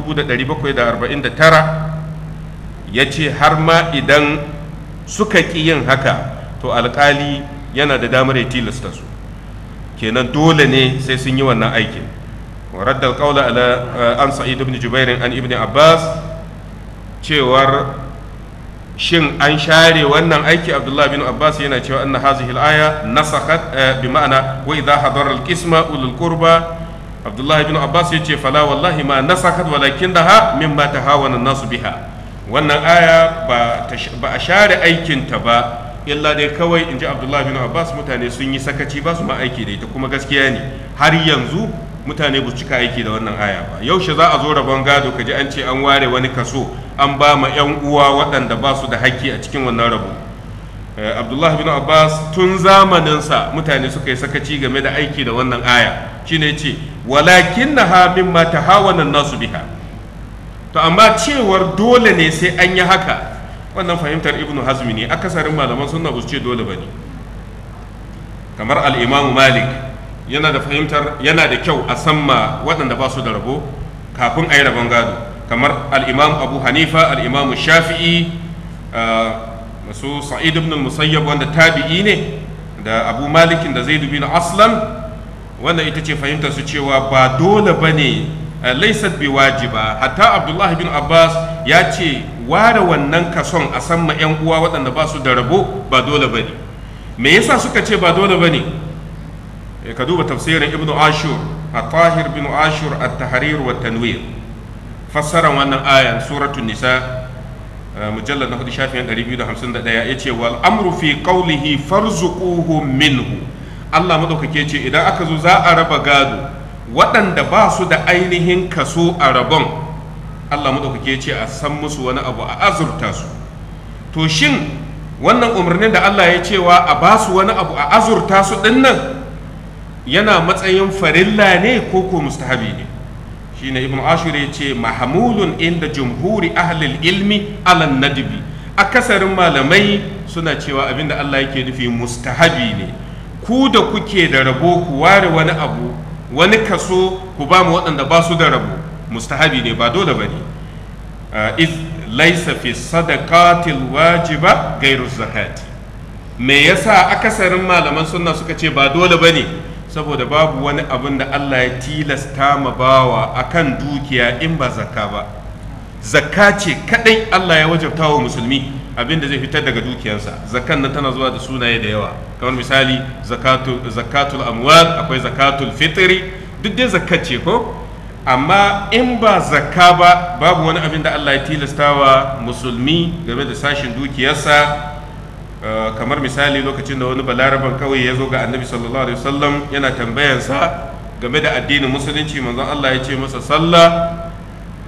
eh, yace har ma idan suka ki yin haka to alkali yana da damar ya tilasta su kenan dole ne sai sun yi wannan aikin ورد القول على عن سعيد بن جبير عن ابن عباس cewar shin an share wannan aiki abdullahi bin abbas yana cewa anna hazihi al-aya nasakhat eh, bi ma'ana wa idha hadara al-qisma ulul qurba abdullahi bin abbas yace fala wallahi ma nasakhat walakin daha mimma tahawana an-nasu biha wannan aya ba a share aikin ta ba illa dai kawai inji abdullahi bin abbas mutane sun yi sakaci ba su ma aiki da ita kuma gaskiya ne har yanzu mutane ba cika aiki da wannan aya ba yaushe za a zo rabon gado ka ji an ce an ware wani kaso an ba ma yan uwa waɗanda ba su da haƙƙi a cikin wannan rabo eh, abdullahi bin abbas tun zamaninsa mutane suka yi sakaci game da aiki da wannan aya shine ce walakin na ha mimma tahawana nasu biha to amma cewar dole ne sai an yi haka wannan fahimtar ibnu hazmi ne akasarin malaman sunna ba su ce dole ba ne kamar al malik yana da fahimtar yana da kyau a samma waɗanda ba su da rabo kafin a yi rabon gado kamar al'imam abu hanifa al'imam shafi'i masu ah, sa'id ibn musayyab wanda tabi'i ne da abu malikin da zai bin aslam wanda ita ce fahimtar su cewa ba dole ba ne eh, laisat bi wajiba hatta abdullahi bin abbas ya ce ware wannan kason a samma 'yan uwa waɗanda ba su da rabo ba dole ba ne me yasa suka ce ba dole ba ne Eh, ka duba tafsirin Ibn ashur a tahir bin ashur a tahrir wa tanwir fassaran wannan ayan suratu nisa eh, mujallar na hudu shafin 251 yace wal amru fi qawlihi farzuquhu minhu Allah madaukake ce idan aka zo za a raba gado waɗanda ba su da ainihin kaso a rabon Allah madaukake ce a san musu wani abu a azurta su to shin wannan umarnin da Allah ya cewa a ba su wani abu a azurta su ɗinnan. yana matsayin farilla ne ko ko mustahabi ne shine ibn ashur ya ce mahamulun inda jumhuri ahlil ilmi alan nadbi akasarin malamai suna cewa abinda Allah yake nufi mustahabi ne ku da kuke da rabo ku ware wani abu wani kaso ku ba mu waɗanda ba su da rabo mustahabi ne ba dole ba ne uh, laisa fi sadaqatil wajiba gairu zakati me yasa akasarin malaman sunna suka ce ba dole ba ne saboda babu wani abin da Allah ya tilasta ma bawa akan dukiya in ba zakka ba zakka ce kadai Allah ya wajabta wa musulmi abin da zai fitar daga dukiyarsa zakkan nan tana zuwa da sunaye da yawa kamar misali zakatul zakatul amwal akwai zakatul fitri duk dai zakka ce ko amma in ba zakka ba babu wani abin da Allah ya tilasta wa musulmi game da sashin dukiyarsa Eh, kamar misali lokacin da wani balaraban kawai ya zo ga annabi sallallahu alaihi wasallam yana tambayansa game da addinin musulunci manzon Allah ya ce masa sallah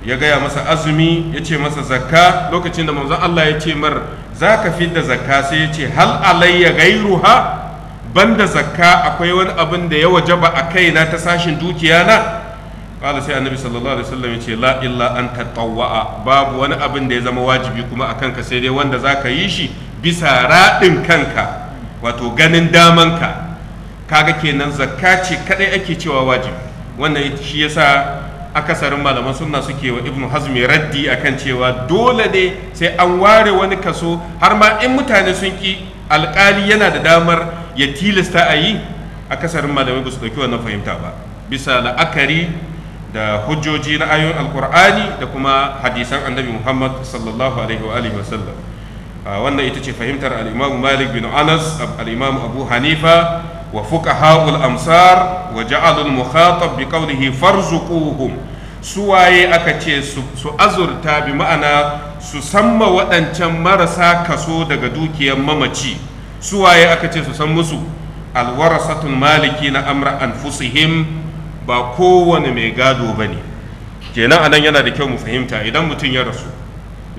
ya gaya masa azumi ya ce masa zakka lokacin da manzon Allah ya ce mar za ka da zakka sai ya ce hal alayya gairuha banda zakka akwai wani abin da ya wajaba a kaina ta sashin dukiya na qala sai annabi sallallahu alaihi wasallam ya ce la illa an tatawwa babu wani abin da ya zama wajibi kuma akan ka sai dai wanda zaka yi shi bisa raɗin kanka wato ganin damanka kaga kenan zakka ce kadai ake cewa wajibi wannan shi yasa akasarin malaman sunna suke wa ibnu hazmi raddi akan cewa dole ne sai an ware wani kaso har ma in mutane sun ki alkali yana da damar ya tilasta a yi akasarin malamai ba su dauki wannan fahimta ba bisa la'akari da hujjoji na ayoyin alkur'ani da kuma hadisan annabi muhammad sallallahu alaihi wa alihi Ah, wannan ita ce fahimtar al malik bin anas al-imam abu hanifa wa fuqaha'ul amsar wa ja'alul mukhatab bi qawlihi farzuquhum suwaye aka ce su azurta bi ma'ana su samma waɗancan marasa kaso daga dukiyar mamaci suwaye aka ce su san musu alwarasatun maliki na amra anfusihim ba kowane mai gado bane kenan anan yana da kyau mu fahimta idan mutum ya rasu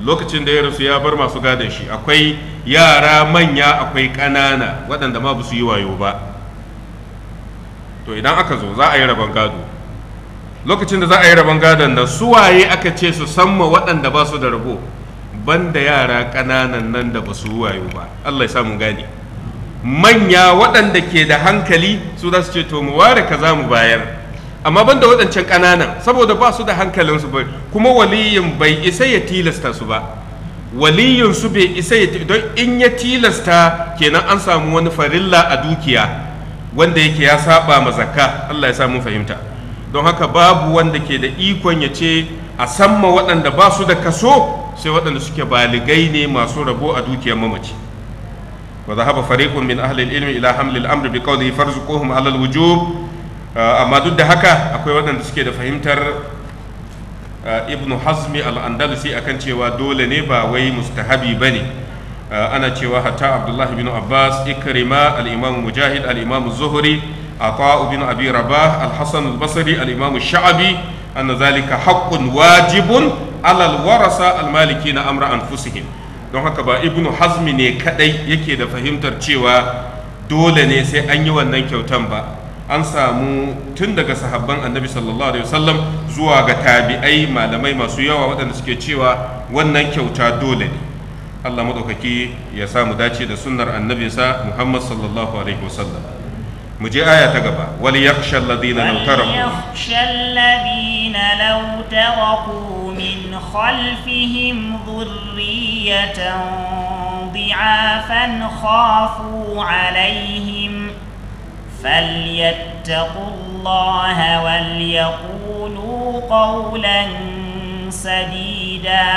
lokacin da ya rasu ya bar masu gadon shi akwai yara manya akwai ƙanana waɗanda ma ba su yi wayo ba to idan aka zo za a yi rabon gado lokacin da za a yi rabon gadon nan waye aka ce su samma waɗanda ba su da rabo banda yara ƙananan nan da ba su yi wayo ba allah ya samu gane manya waɗanda ke da hankali su za su ce to mu ware kaza mu bayar amma ban da waɗancan ƙananan saboda ba su da hankalinsu ba kuma waliyin bai isa ya tilasta su ba waliyin su bai isa ya don in ya tilasta kenan an samu wani farilla a dukiya wanda yake ya saba ma zakka Allah ya samu fahimta don haka babu wanda ke da ikon ya ce a samma waɗanda ba su da kaso sai waɗanda suke baligai ne masu rabo a dukiyar mamaci wa zahaba fariqun min ahli al-ilmi ila hamli al-amr bi qawli farzuquhum ala al-wujub Eh, amma duk da haka akwai waɗanda suke da fahimtar eh, ibn hazmi al a akan cewa dole ne ba wai mustahabi ba ne eh, ana cewa hatta abdullahi bin abbas ikrima al-imam mujahid al-imam zuhri عطاء بن أبي رباح الحسن البصري الإمام الشعبي أن ذلك حق warasa almaliki na amra an أنفسهم don haka ba ibnu hazmi ne kadai yake da fahimtar cewa dole ne sai an yi wannan kyautan ba an samu tun daga sahabban annabi sallallahu alaihi wasallam zuwa ga tabi'ai malamai masu yawa waɗanda suke cewa wannan kyauta dole ne Allah maɗaukaki ya samu dace da sunnar annabinsa Muhammad sallallahu alaihi wasallam mu je aya ta gaba wal yakhsha alladhina law taraku yakhsha alladhina law taraku min khalfihim dhurriyatan ضعافا خافوا عليهم فليتقوا الله وليقولوا قولا sadida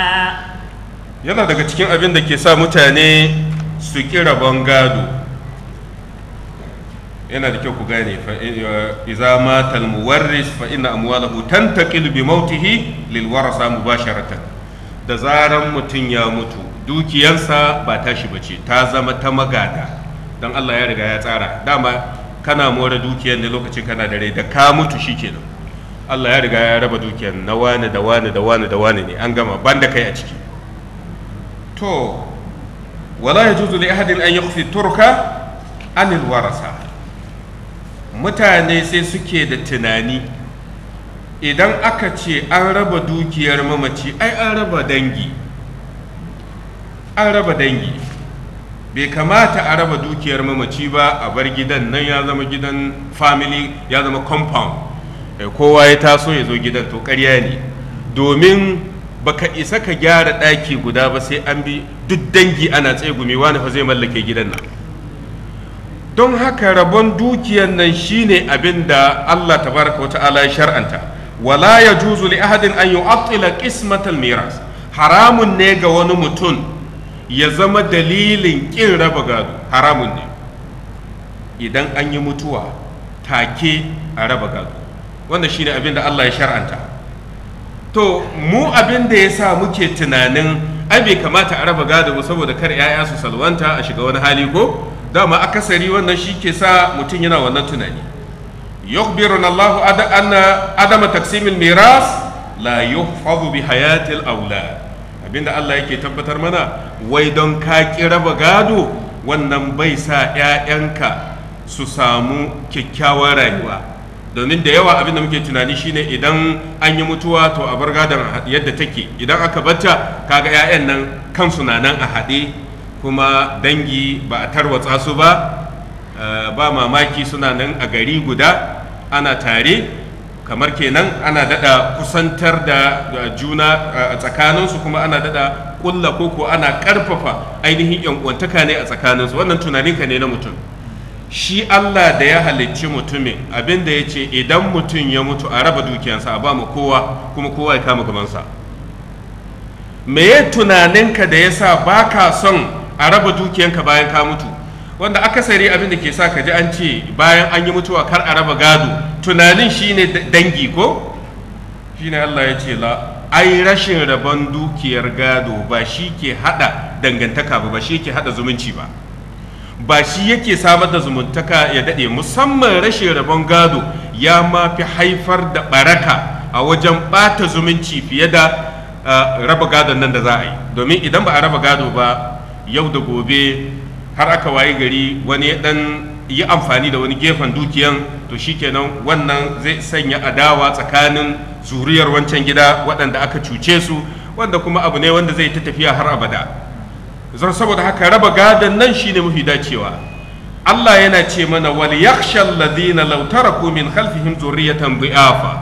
yana daga cikin abin da ke sa mutane su kira bangado yana da kyau ku gane eh, iza matal muwarris fa inna amwalahu tantaqil bi mautihi lil warasa mubasharatan da zaran mutum ya mutu dukiyarsa ba tashi bace ta zama ta magada dan Allah ya riga ya tsara dama kana more dukiyar ne lokacin kana da rai da ka mutu shi kenan Allah ya riga ya raba dukiyar na wani da wani da wani da wani ne an gama ban da kai a ciki to wala yajuzu li ahadin an yakhfi turka anil warasa mutane sai suke da tunani idan aka ce an raba dukiyar mamaci ai an raba dangi an raba dangi bai kamata a raba dukiyar mamaci ba a bar gidan nan ya zama gidan family ya zama compound eh, kowa ya taso ya zo gidan to karya ne domin baka isa ka gyara ɗaki guda ba sai an bi duk dangi ana tsegumi wani fa zai mallake gidan nan don haka rabon dukiyar nan shine abin da Allah tabaraka wa ta'ala ya shar'anta wala yajuzu li ahadin an yu'attila qismatal miras haramun ne ga wani mutum ya zama dalilin ƙin raba gado haramun ne idan an yi mutuwa take a raba gado shi shine abin da Allah ya shar'anta to mu abin da ya sa muke tunanin ai bai kamata a raba gado ba saboda kar 'ya'ya su salwanta a shiga wani hali ko dama akasari wannan shi ke sa mutum yana wannan tunani yukhbiruna Allah anna adama taqsimil miras la yuhfazu bi hayatil aulad abinda Allah yake tabbatar mana wai don ka kira raba gado wannan bai sa 'ya'yanka su samu kyakkyawar rayuwa domin da yawa abinda muke tunani shine idan an yi mutuwa to a bar gadon yadda take idan aka bata kaga 'ya'yan nan kansu na nan a haɗe kuma dangi ba a tarwatsa su ba eh, ba mamaki suna nan a gari guda ana tare kamar kenan ana dada kusantar da juna a tsakaninsu kuma ana dada kulla ko ko ana karfafa ainihin yankwantaka ne a tsakaninsu wannan tunaninka ne na mutum shi Allah da ya halicci mutumin abin da ya ce idan mutum ya mutu a raba dukiyansa a ba mu kowa kuma kowa ya kama gabansa meye tunaninka da ya sa ba ka son a raba dukiyanka bayan ka mutu wanda akasari abin da ke sa ka ji an ce bayan an yi mutuwa kar a raba gado tunanin shine dangi ko shine Allah ya ce la ai rashin rabon dukiyar gado ba shi ke hada dangantaka ba ba shi ke hada zumunci ba ba shi yake samar da zumuntaka ya dade musamman rashin rabon gado ya ma fi haifar da baraka a wajen bata zumunci fiye da ah, raba gado nan da za a yi domin idan ba a raba gado ba yau da gobe har aka wayi gari wani ya dan yi amfani da wani gefen dukiyan to shikenan wannan zai sanya adawa tsakanin zuriyar wancan gida waɗanda aka cuce su wanda kuma abu ne wanda zai ta tafiya har abada zan saboda haka raba gadon nan shine mafi dacewa Allah yana ce mana wal yakhsha alladhina law taraku min khalfihim dhurriyatan dhi'afa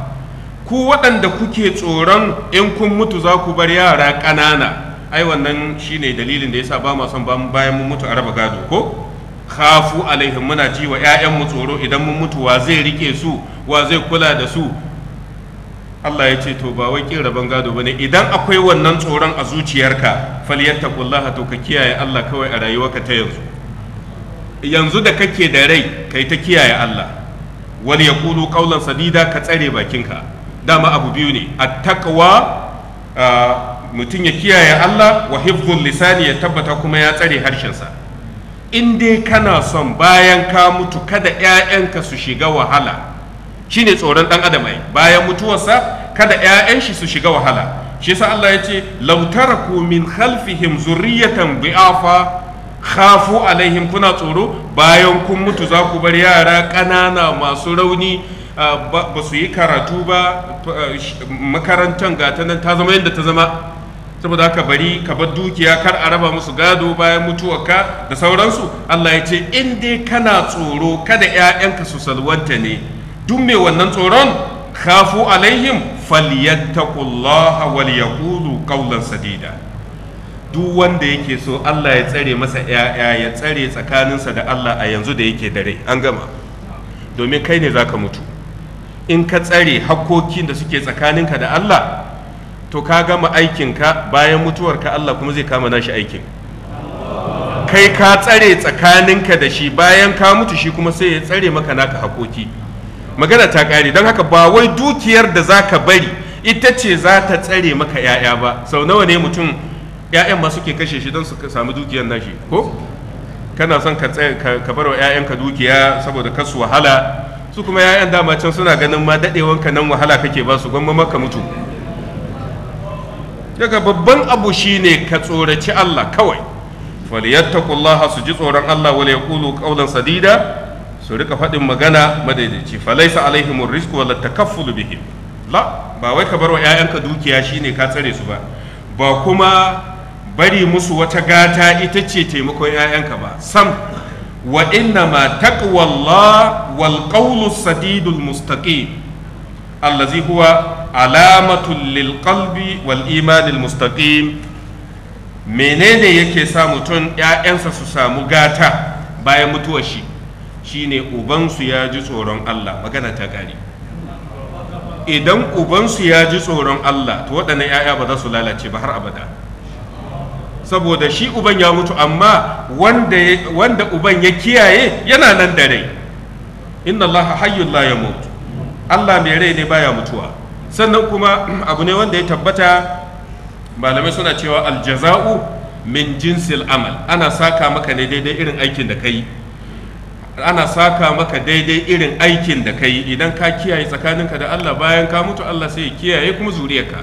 ku waɗanda kuke tsoron in kun mutu za ku bar yara ƙanana ai wannan shine dalilin da yasa ba ma son bayan mun mutu a raba gado ko khafu alaihim muna ji wa mu tsoro idan mun mutu wa zai rike su wa zai kula da su Allah ya ce to ba wai kin raban gado bane idan akwai wannan tsoron a zuciyarka falyattaqullaha to ka kiyaye Allah kawai a rayuwarka ta yanzu yanzu da kake da rai kai ta kiyaye Allah wal yaqulu qawlan sadida ka tsare bakinka dama abu biyu ne at-taqwa ah, mutum ya kiyaye Allah wa hifzul lisani ya tabbata kuma ya tsare harshensa in dai kana son bayan ka mutu kada ƴaƴanka su shiga wahala shine tsoron dan adam ai bayan mutuwarsa kada ƴaƴan shi su shiga wahala shi yasa Allah ya ce law taraku min khalfihim zurriyatan bi'afa khafu alaihim kuna tsoro bayan kun mutu za ku bar yara ƙanana masu rauni ba su yi karatu ba makarantar gata nan ta zama yadda ta zama saboda haka bari ka bar dukiya kar a raba musu gado bayan ka da sauransu Allah ya ce in dai kana tsoro kada ƴaƴanka su salwanta ne duk mai wannan tsoron khafu alaihim falyattaqullaha wal yaqulu qawlan sadida duk wanda yake so Allah ya tsare masa ƴaƴa ya tsare tsakaninsa da Allah a yanzu da yake dare an gama domin kai ne zaka mutu in ka tsare hakkokin da suke tsakaninka da Allah to ka gama aikinka bayan mutuwarka Allah kuma zai kama nashi aikin kai ka tsare tsakaninka da shi bayan ka mutu shi kuma sai ya tsare maka naka hakoki magana ta ƙare don haka ba wai dukiyar da za ka bari ita ce za ta tsare maka 'ya'ya ba sau nawa ne mutum 'ya'yan ma suke kashe shi don su samu dukiyar nashi ko kana son ka ka bar wa 'ya'yanka dukiya saboda ka su wahala su kuma 'ya'yan dama can suna ganin ma daɗewanka nan wahala kake ba su gwamma maka mutu daga babban abu shine ka tsoraci Allah kawai falyattaqullaha su ji tsoron Allah wala yaqulu qawlan sadida su rika faɗin magana madaidaici falaisa alaihimur rizqu wala takaffulu bihim la ba wai ka bar wa ƴaƴanka dukiya shine ka tsare su ba ba kuma bari musu wata gata ita ce taimakon ƴaƴanka ba sam wa inna ma taqwallah wal qawlu sadidul mustaqim allazi huwa alamatul lil qalbi wal imanil mustaqim menene yake sa mutum ‘ya'yansa su samu gata bayan mutuwar shi shine ubansu ya ji tsoron Allah magana ta gari idan ubansu ya ji tsoron Allah to waɗannan ‘ya'ya ba za su lalace ba har abada saboda shi uban ya mutu amma wanda uban ya kiyaye yana nan da rai inna Allah hayyul la yamut Allah mai rai ne baya mutuwa sannan kuma abu ne wanda ya tabbata malamai suna cewa aljaza'u min jinsil amal ana saka maka ne daidai irin aikin da ka yi ana saka maka daidai irin aikin da ka yi idan ka kiyaye tsakaninka da Allah bayan ka mutu Allah sai ya kiyaye kuma zuriyarka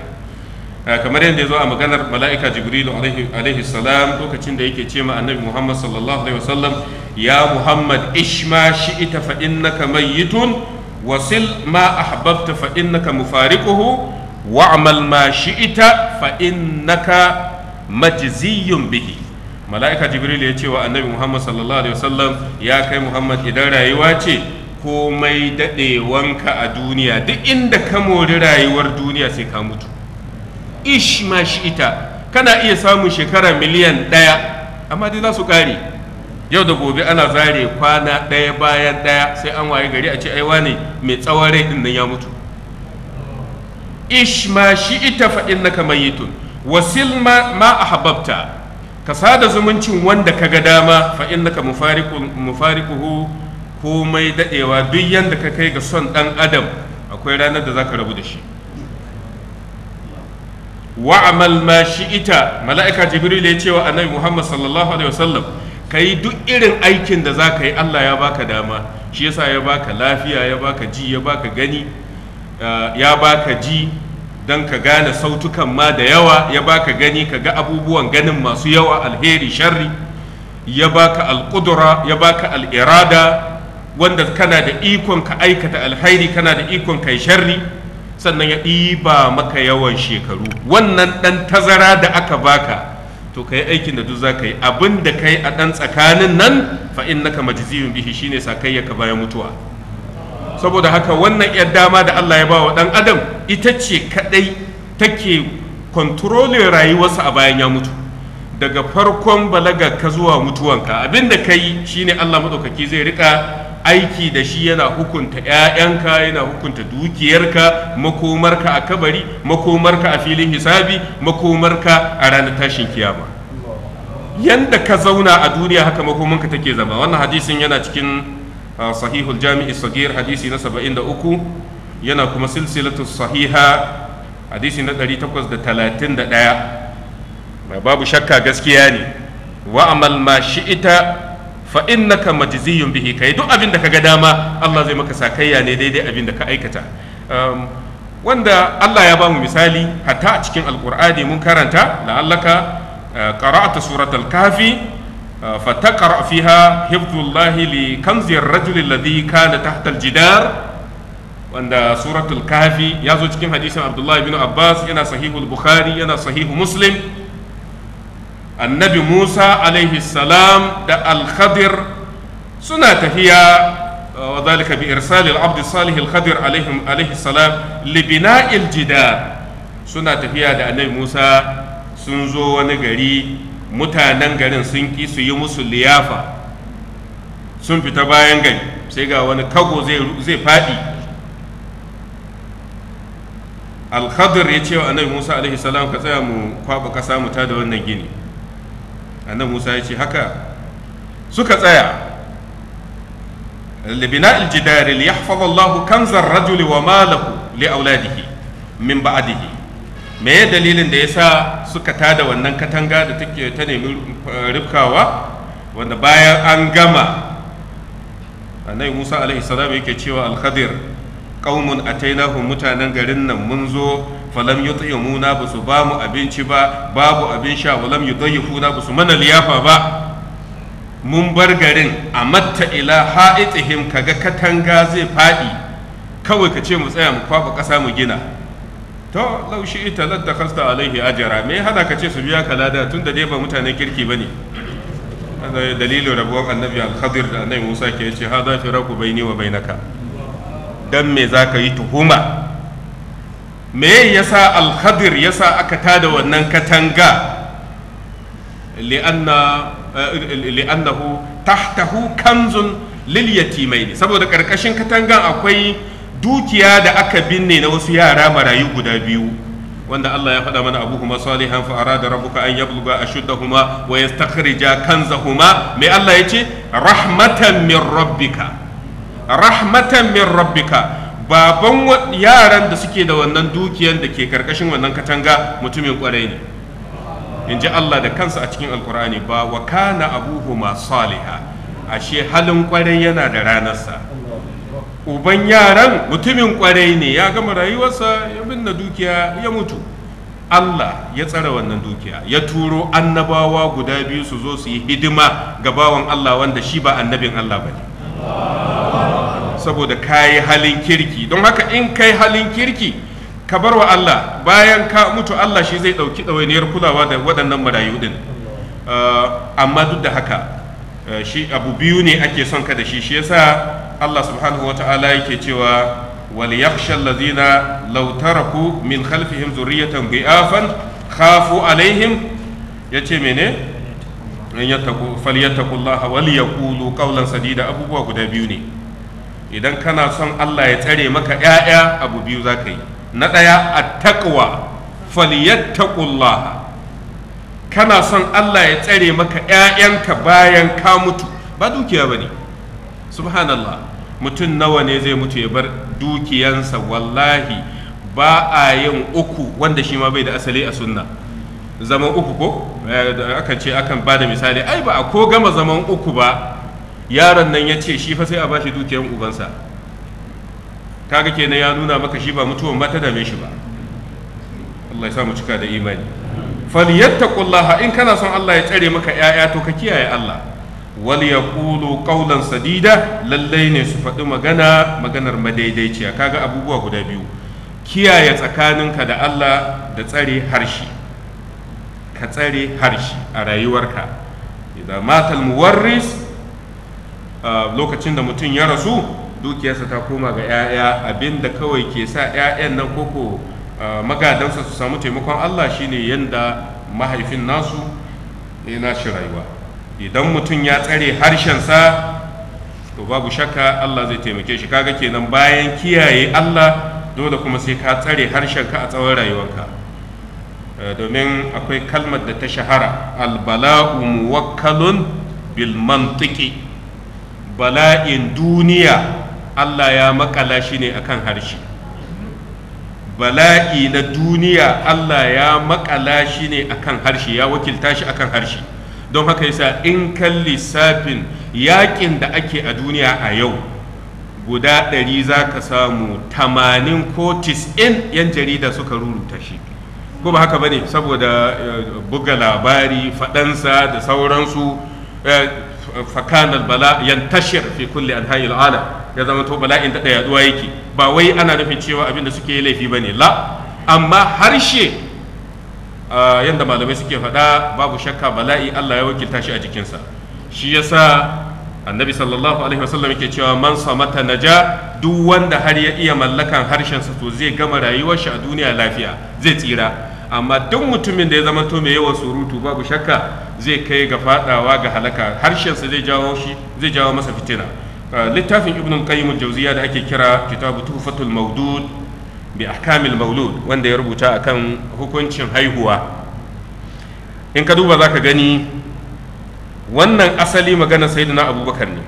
ah, kamar yadda ya zo a maganar mala'ika jibrilu alaihi salam lokacin da yake ce ma annabi muhammad sallallahu alaihi wasallam ya muhammad ishma shi ita fa innaka mayyitun wasil ma ahbabta fa innaka mufariquhu wa'mal ma ita fa naka majziyun bihi mala'ika jibril ya cewa annabi muhammad sallallahu alaihi wasallam ya kai muhammad idan rayuwa ce komai daɗewanka a duniya duk inda ka mori rayuwar duniya sai ka mutu ish ma ita kana iya samun shekara miliyan ɗaya amma dai za su ƙare yau da gobe ana zare kwana ɗaya bayan ɗaya sai an waye gari a ce aiwa ne mai tsawon rai ɗin nan ya mutu ish shi ita faɗin na kamar tun wasil ma a hababta ka sada zumuncin wanda ka ga dama fa'in naka mufarikuhu komai daɗewa duk yadda ka kai ga son ɗan adam akwai ranar da za ka rabu da shi wa'amal ma shi ita mala'ika jibril ya cewa wa annabi muhammad sallallahu alaihi wasallam ka yi duk irin aikin da za ka yi allah ya baka dama shi yasa ya baka lafiya ya baka ji ya baka gani ya baka ji don ka gane sautukan ma da yawa ya baka gani ka ga abubuwan ganin masu yawa alheri sharri ya baka alƙudura ya baka al'irada wanda kana da ikon ka aikata alhairi kana da ikon kai sharri sannan ya ɗiba maka yawan shekaru wannan ɗan tazara da aka baka to kai aikin da duk za ka yi abin da kai a ɗan tsakanin nan fa innaka majziyun bihi shine sakayya ka bayan mutuwa saboda haka wannan yar dama da Allah ya bawa ɗan adam ita ce kaɗai take kontrolin rayuwarsa a bayan ya mutu daga farkon balaga ka zuwa mutuwanka abin da kai ne Allah maɗaukaki zai rika aiki da shi yana hukunta 'ya'yanka yana hukunta dukiyarka makomarka a kabari makomarka a filin hisabi makomarka a ranar tashin kiyama Yadda ka zauna a duniya haka makomanka take zama wannan hadisin yana cikin ah, sahihul jami'i sagir hadisi na 73 yana kuma silsilatu sahiha hadisi na 831 babu shakka gaskiya ne wa'amal ma shi'ita fa innaka majziyun bihi kai duk abin da kaga dama Allah zai maka sa sakayya ne daidai abin da ka aikata um, wanda Allah ya bamu misali hatta a cikin alqur'ani mun karanta la'allaka uh, qara'ta surat al-kahfi uh, fataqra fiha hifdullah li kanzi ar-rajul alladhi kana jidar wanda suratul kahfi ya zo cikin hadisin abdullahi bin abbas yana sahihul bukhari yana sahihu muslim annabi musa alaihi salam da al-khadir suna tafiya wa zalika bi irsali al-abd salih al-khadir alaihi salam li bina'il jidar suna tafiya da annabi musa sun zo wani gari mutanen garin sun ki su yi musu liyafa sun fita bayan gari sai ga wani kago zai faɗi al-khadir ya ce wa annabi musa alaihi salam ka tsaya mu kwaba ƙasa mu ta da wannan gini annan musa ya ce haka suka tsaya libina aljidari li yahfaza Allahu kanzar rajuli wa malahu li auladihi min ba'dihi me dalilin da ya sa suka tada wannan katanga da take ta nemi eh, rifkawa wanda bayan an gama annabi Musa alaihi salam yake cewa al-Khadir qaumun atainahum mutanen garin nan mun zo falam yut'imuna ba su ba mu abinci ba babu abin sha walam yudayyifuna ba su mana liyafa ba mun bar garin a matta ila ha'itihim kaga katanga zai faɗi kawai ka ce mu tsaya mu kwaba ƙasa mu gina to laushi ita ladda kasta alaihi ajara me hada ka ce su biya ka lada tunda dai ba mutanen kirki bane dalilin rabuwar annabi al-khadir da annabi musa ke ce hada firaku baini wa bainaka dan me zaka yi tuhuma me yasa al yasa aka tada wannan katanga eh, li'annahu tahtahu kanzun lil ne saboda karkashin katangan akwai dukiya da aka binne na wasu yara marayu guda biyu wanda Allah ya faɗa mana abuhuma salihan fa arada rabbuka an yabluga ashuddahuma wa yastakhrija kanzahuma me Allah yace rahmatan min rabbika rahmatan min rabbika baban yaran da suke da wannan dukiyar da ke karkashin wannan katanga mutumin kwarai ne in ji Allah da kansa a cikin alkur'ani ba wa kana abuhuma saliha ashe halin kwarai yana da ranarsa uban yaran mutumin kwarai ne ya gama rayuwarsa ya binne dukiya ya mutu Allah ya tsara wannan dukiya ya turo annabawa guda biyu su zo su yi hidima ga bawan Allah wanda shi ba annabin Allah ba ne saboda ka yi halin kirki don haka in kai halin kirki ka bar wa Allah bayan ka mutu Allah shi zai ɗauki ɗawainiyar kulawa da waɗannan marayu ɗin uh, amma duk da haka uh, shi abu biyu ne ake son ka da shi shi yasa Allah subhanahu wa ta'ala yake cewa wal yakhsha allazina law taraku min khalfihim zurriyatan bi'afan khafu alaihim yace mene in yattaku falyattaqullaha wal yaqulu qawlan sadida abubuwa guda biyu ne idan kana son Allah ya tsare maka ‘ya'ya abu biyu za ka yi na ɗaya a taƙwa faliyattaƙullaha kana son Allah ya tsare maka ‘ya'yanka bayan ka mutu ba dukiya ba ne subhanallah mutum nawa ne zai mutu ya bar dukiyansa wallahi ba a yin uku wanda shi ma bai da asali a sunna zaman uku ko eh, akan ce akan ba da misali ai ba a ko gama zaman uku ba yaron nan ya ce shi fa sai a bashi dukiyar ubansa kaga kenan ya nuna maka shi ba mutuwan ba ta dame shi ba Allah ya sa mu cika da imani falyattaqullaha in kana son Allah ya tsare maka yaya to ka kiyaye Allah wal yaqulu qawlan sadida lallai ne su faɗi magana maganar madaidaiciya kaga abubuwa guda biyu kiyaye tsakaninka da Allah da tsare harshe ka tsare harshe a rayuwarka idan matal muwarris Ah, lokacin da mutum ya rasu dukiyarsa ta koma ga 'ya'ya abinda kawai ke sa 'ya'yan nan koko ah, magadansa su samu taimakon Allah shine yanda mahaifin nasu ne nashi rayuwa idan mutum ya tsare harshensa to babu shakka Allah zai taimake shi kaga kenan bayan kiyaye Allah dole kuma sai ka tsare harshen ka a tsawon rayuwarka ah, domin akwai kalmar da ta shahara albala'u muwakkalun bil mantiki bala'in duniya Allah ya makala shi ne akan harshe bala'i na duniya Allah ya makala shi ne akan harshe ya wakilta shi akan harshe don haka yasa in kan lissafin yakin da ake a duniya a yau guda ɗari za ka samu tamanin ko tis'in yan jarida suka ruruta shi ko ba haka ba ne saboda eh, buga labari faɗansa da sauransu eh, fakana bala tashar fi kulli anhayil alam ya zama to bala'in da yaduwa yake ba wai ana nufin cewa abin da suke laifi bane la amma harshe yanda malamai suke faɗa babu shakka bala'i Allah ya wakilta shi a jikinsa shi yasa annabi sallallahu alaihi wasallam yake cewa man samata naja duk wanda har ya iya mallakan harshensa to zai gama rayuwar shi a duniya lafiya zai tsira amma duk mutumin da ya zama to mai yawan surutu babu shakka zai kai ga fadawa ga halaka harshensa zai jawo shi zai jawo masa fitina littafin ibn qayyim al-jawziya da ake kira kitabu tuhfatul mawdud bi ahkamil mawlud wanda ya rubuta akan hukuncin haihuwa in ka duba zaka gani wannan asali magana sayyidina abubakar ne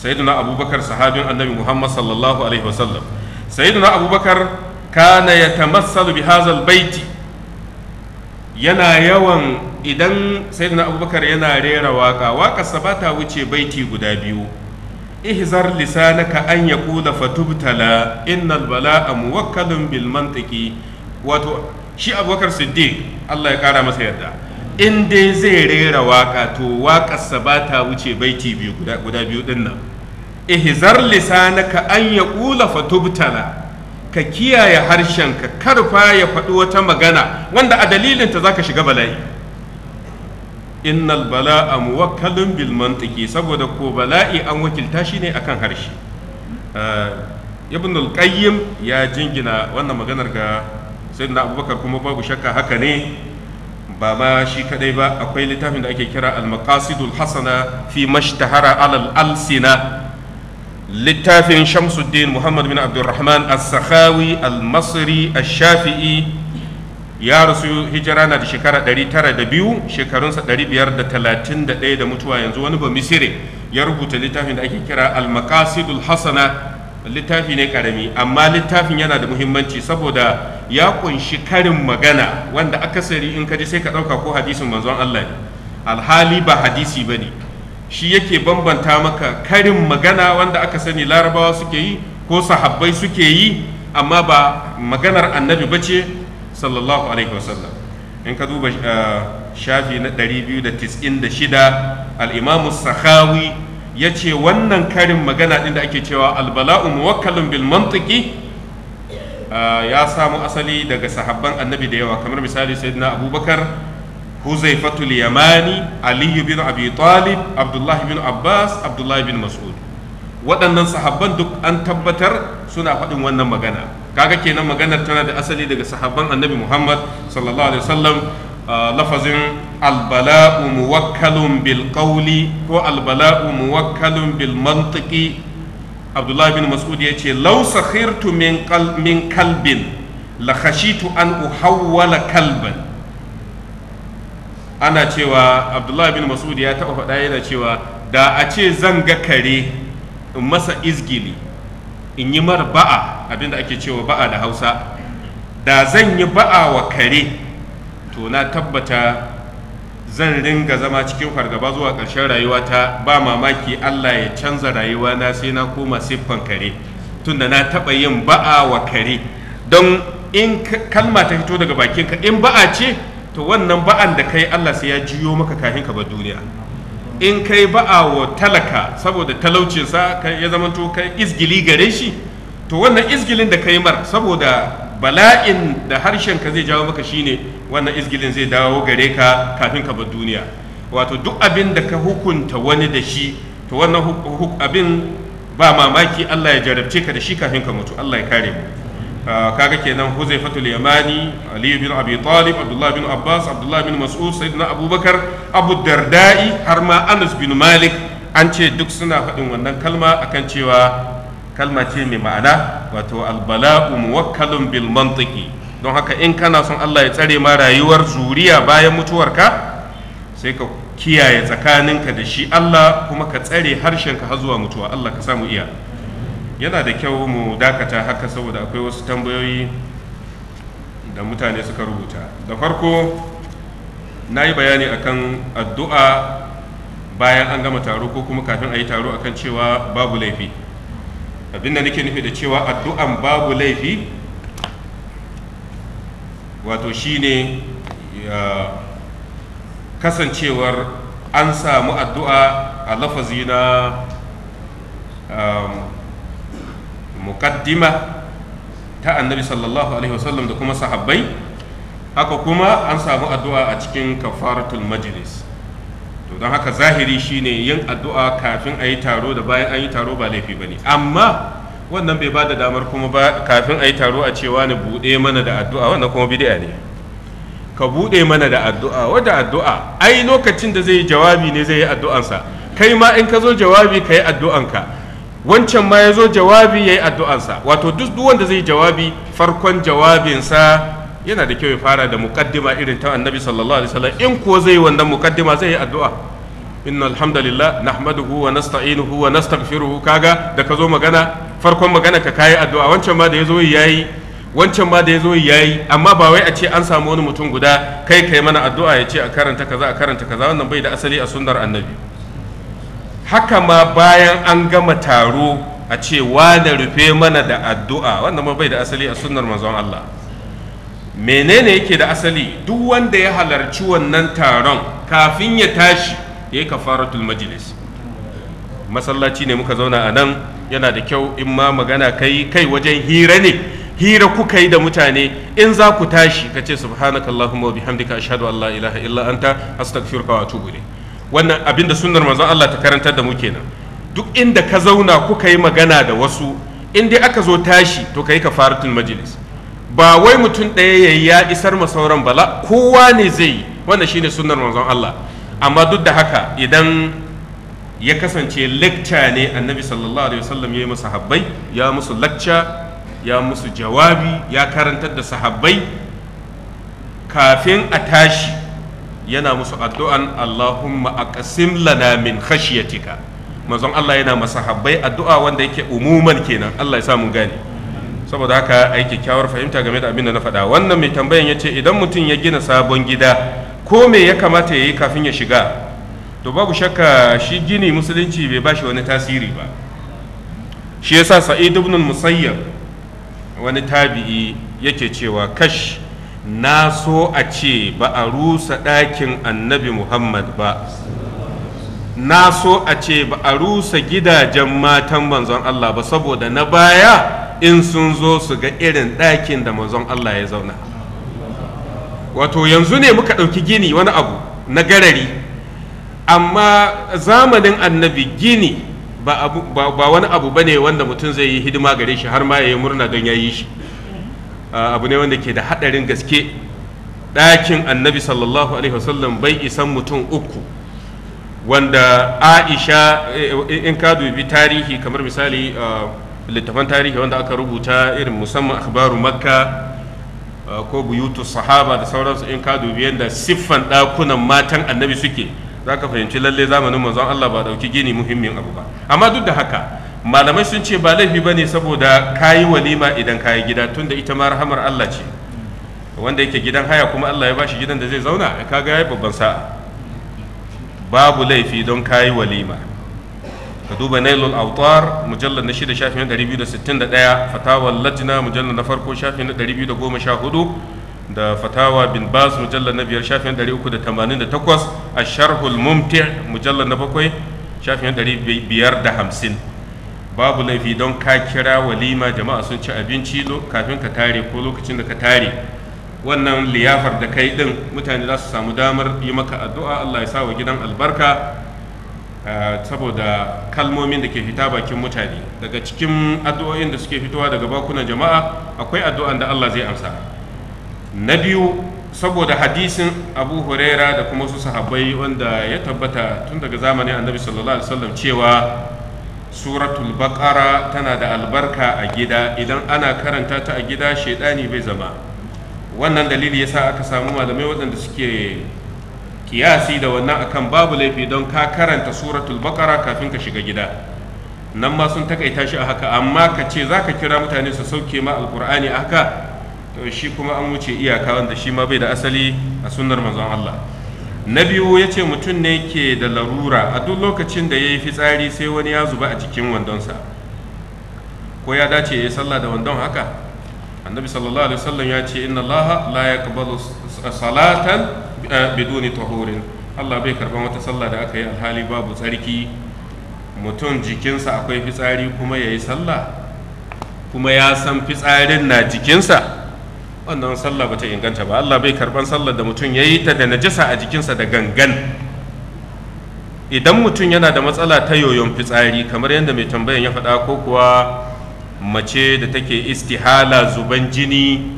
sayyidina abubakar sahabin annabi muhammad sallallahu alaihi wasallam sayyidina abubakar kana ya tamassalu bi hazal baiti yana yawan idan sayyidina abubakar yana rera waka waƙarsa ba ta wuce baiti guda biyu ihzar lisanaka an yaqula fatubtala innal bala'a muwakkalun bil mantiki wato shi abubakar siddiq Allah ya kara masa yadda. in dai zai rera waka to waƙarsa ba ta wuce baiti biyu guda biyu din nan ihzar lisanaka an yaqula fatubtala ka kiyaye harshenka karfa ya faɗi wata magana wanda a dalilinta za ka shiga bala'i innal bala'a muwakkalun bil mantiki saboda ko bala'i an wakilta shi ne akan harshe ah, ibn al-qayyim ya jingina wannan maganar ga sayyidina abubakar kuma babu shakka haka ne ba ma shi kadai ba akwai littafin da ake kira al-maqasidul hasana fi mashtahara alal alsina littafin shamsuddin muhammad bin abdulrahman as-sakhawi al-masri al-shafi'i ya rasu hijira na da shekara 902 shekarunsa 531 da mutuwa yanzu wani ba Misiri ya rubuta littafin da ake kira al-maqasidul hasana littafi ne karami amma littafin yana da muhimmanci saboda ya kunshi karin magana wanda akasari in ka ji sai ka ɗauka ko hadisin manzon Allah ne alhali ba hadisi ba ne shi yake bambanta maka karin magana wanda aka sani larabawa suke yi ko sahabbai suke yi amma ba maganar annabi ba ce sallallahu alaihi wasallam in ka duba uh, shafi na 296 al'imamu sahawi ya ce wannan karin magana ɗin da ake cewa albala'u muwakkalin bil mantiki uh, ya samu asali daga sahabban annabi da yawa kamar misali sayyidina abubakar huzaifatul yamani aliyu bin abi talib abdullahi bin abbas abdullahi bin mas'ud waɗannan sahaban duk an tabbatar suna faɗin wannan magana kaga kenan maganar tana da asali daga sahabban annabi muhammad sallallahu alaihi wasallam lafazin albala'u muwakkalun bil qawli ko albala'u muwakkalun bil mantiki abdullahi bin mas'ud ya ce law sakhirtu min kalbin la khashitu an uhawwala kalbin. ana cewa abdullahi bin masud ya taɓa faɗa yana cewa da a ce zan ga kare in masa izgili in yi mara ba'a abinda ake cewa ba'a da hausa da zan yi ba'a wa kare to na tabbata zan ringa zama cikin fargaba zuwa ƙarshen rayuwata ba mamaki allah ya canza rayuwana sai na koma siffan kare tunda na taɓa yin ba'a wa kare don in kalma ta fito daga bakinka in ba'a ce to wannan ba'an da kai Allah sai ya jiyo maka kahin ka ba duniya in kai ba'a wa talaka saboda talaucinsa ya zamanto kai izgili gare shi to wannan izgilin da kai mar saboda bala'in da harshen ka zai jawo maka shine wannan izgilin zai dawo gare ka kafin ka bar duniya wato duk abin da ka hukunta wani da shi to wannan abin ba mamaki Allah ya jarabce ka da shi kafin ka mutu Allah ya kare mu Ah, kaga kenan huzaifatul yamani ali bin abi talib abdullah bin abbas abdullah bin mas'ud sayyidina abubakar abu dardai har ma anas bin malik an ce duk suna faɗin wannan kalma akan cewa kalma ce mai ma'ana wato albala'u muwakkalun bil mantiki don haka in kana son Allah ya tsare ma rayuwar zuriya bayan mutuwarka sai ka kiyaye tsakaninka da shi Allah kuma ka tsare harshenka har zuwa mutuwa Allah ka samu iya yana da kyau mu dakata haka saboda akwai wasu tambayoyi da mutane suka rubuta da farko na yi bayani akan addu'a bayan an gama taro ko kuma kafin a yi taro akan cewa babu laifi abin da nake nufi da cewa addu'an babu laifi wato shine kasancewar an samu addu'a a lafazi na muqaddima ta annabi sallallahu alaihi wasallam da kuma sahabbai haka kuma an samu addu'a a cikin kafaratul majlis to don haka zahiri shine yin addu'a kafin a yi taro da bayan an yi taro ba laifi bane amma wannan bai ba da damar kuma ba kafin a yi taro a cewa ne buɗe mana da addu'a wannan kuma bid'a ne ka buɗe mana da addu'a wadda addu'a ai lokacin da zai yi jawabi ne zai yi addu'ansa kai ma in ka zo jawabi ka yi addu'anka wancan ma ya zo jawabi ya yi addu'ansa wato duk wanda zai jawabi farkon jawabinsa yana da kyau ya fara da mukaddima irin ta annabi sallallahu alaihi wasallam in ko zai wannan mukaddima zai yi addu'a inna alhamdulillah nahmaduhu wa nasta'inuhu wa nastaghfiruhu kaga da ka zo magana farkon magana ka kayi addu'a wancan ma da ya zo yayi wancan ma da ya zo yayi amma ba wai a ce an samu wani mutum guda kai kai mana addu'a ya ce a karanta kaza a karanta kaza wannan bai da asali a sunnar annabi haka ma bayan an gama taro a ce da rufe mana da addu'a wanda ma bai da asali a sunnar manzon Allah menene yake da asali duk wanda ya halarci wannan taron kafin ya tashi ya yi kafaratul majlis masallaci ne muka zauna a nan yana da kyau in ma magana kai kai wajen hira ne hira kuka yi da mutane in za ku tashi ka ce subhanakallahumma wa bihamdika ashhadu an la ilaha illa anta astaghfiruka wa atubu ilayk wannan abin da sunnar manzon Allah ta karantar da mu kenan duk inda ka zauna kuka yi magana da wasu in dai aka zo tashi to kai kafaratul majlis ba wai mutum ɗaya ya ya isar ma sauran bala kowa ne zai yi wannan shine sunnar manzon Allah amma duk da haka idan ya kasance lecture ne annabi sallallahu alaihi wasallam ya yi musu habbai ya musu lecture ya musu jawabi ya karantar da sahabbai kafin a tashi yana musu addu'an Allahumma aqsim lana min khashyatika manzon Allah yana masahabbai addu'a wanda yake umuman kenan Allah ya sa mun gane saboda haka ai kyakkyawar fahimta game da abin da na faɗa wannan mai tambayan ce idan mutum ya gina sabon gida ko me ya kamata ya yi kafin ya shiga to babu shakka shi gini musulunci bai bashi wani tasiri ba shi yasa sa'id ibn musayyab wani tabi'i yake cewa kash na so a ce ba a rusa ɗakin annabi muhammad ba na so a ce ba a rusa gidajen matan manzon Allah ba saboda na baya in sun zo su ga irin ɗakin da manzon Allah ya zauna wato yanzu ne muka ɗauki gini wani abu na garari amma zamanin annabi gini ba, wani abu ba ne wanda mutum zai yi hidima gare shi har ma ya yi murna don ya yi shi Ah, abu ne wanda ke da haɗarin gaske ɗakin annabi sallallahu alaihi wasallam bai isan mutum uku wanda aisha eh, in ka dubi tarihi kamar misali ah, littafan tarihi wanda aka rubuta irin musamman akhbaru makka ah, ko buyutu sahaba da sauransu in ka dubi yadda siffan ɗakunan matan annabi suke za ka fahimci lalle zamanin manzon Allah ba ɗauki gini muhimmin abu ba amma duk da haka malamai sun ce ba laifi ba ne saboda kayi walima idan kayi gida tunda ita ma rahamar Allah ce wanda yake gidan haya kuma Allah ya bashi gidan da zai zauna kaga yayi babban sa'a babu laifi don kayi walima ka duba nailul autar mujallar na shida shafi shafin 261 Fatawar lajina mujallar na farko shafi shafin 214 da fatawa bin bas mujallar na biyar shafi shafin 388 a sharhul mumti mujallar na bakwai shafi shafin 550 babu laifi don ka kira walima jama'a sun ci abinci kafin ka tare ko lokacin da ka tare wannan liyafar da kai din mutane za su samu damar yi maka addu'a Allah ya sa wa gidan albarka ah, saboda kalmomin da ke fita bakin mutane daga cikin addu'o'in da suke fitowa daga bakunan jama'a akwai addu'an da Allah zai amsa na biyu saboda hadisin abu huraira da kuma su sahabbai wanda ya tabbata tun daga zamanin annabi sallallahu alaihi wasallam cewa suratul baqara tana da albarka a gida idan ana karanta ta a gida shaidani bai zama wannan dalili yasa aka samu malamai waɗanda suke kiyasi da wannan akan babu laifi don ka karanta suratul baqara kafin ka shiga gida nan ma sun takaita shi a haka amma ka ce za ka kira mutane su sauke ma alkur'ani a haka to shi kuma an wuce iyaka wanda shi ma bai da asali a sunnar manzon Allah na biyu ya ce mutum ne ke da larura a duk lokacin da ya yi fitsari sai wani ya zuba a cikin wandonsa ko ya dace ya yi sallah da wandon haka annabi sallallahu alaihi wasallam ya ce inna allah la yaqbalu salatan eh, biduni tahurin allah bai karban wata sallah da aka yi alhali babu tsarki mutum jikinsa akwai fitsari kuma ya yi sallah kuma ya san fitsarin na jikinsa wannan sallah ba ta inganta ba Allah bai karban sallar da mutum ya yi ta da najasa a jikinsa da gangan idan mutum yana da matsala ta yoyon fitsari kamar yadda mai tambayan ya faɗa ko kuwa mace da take istihala zuban jini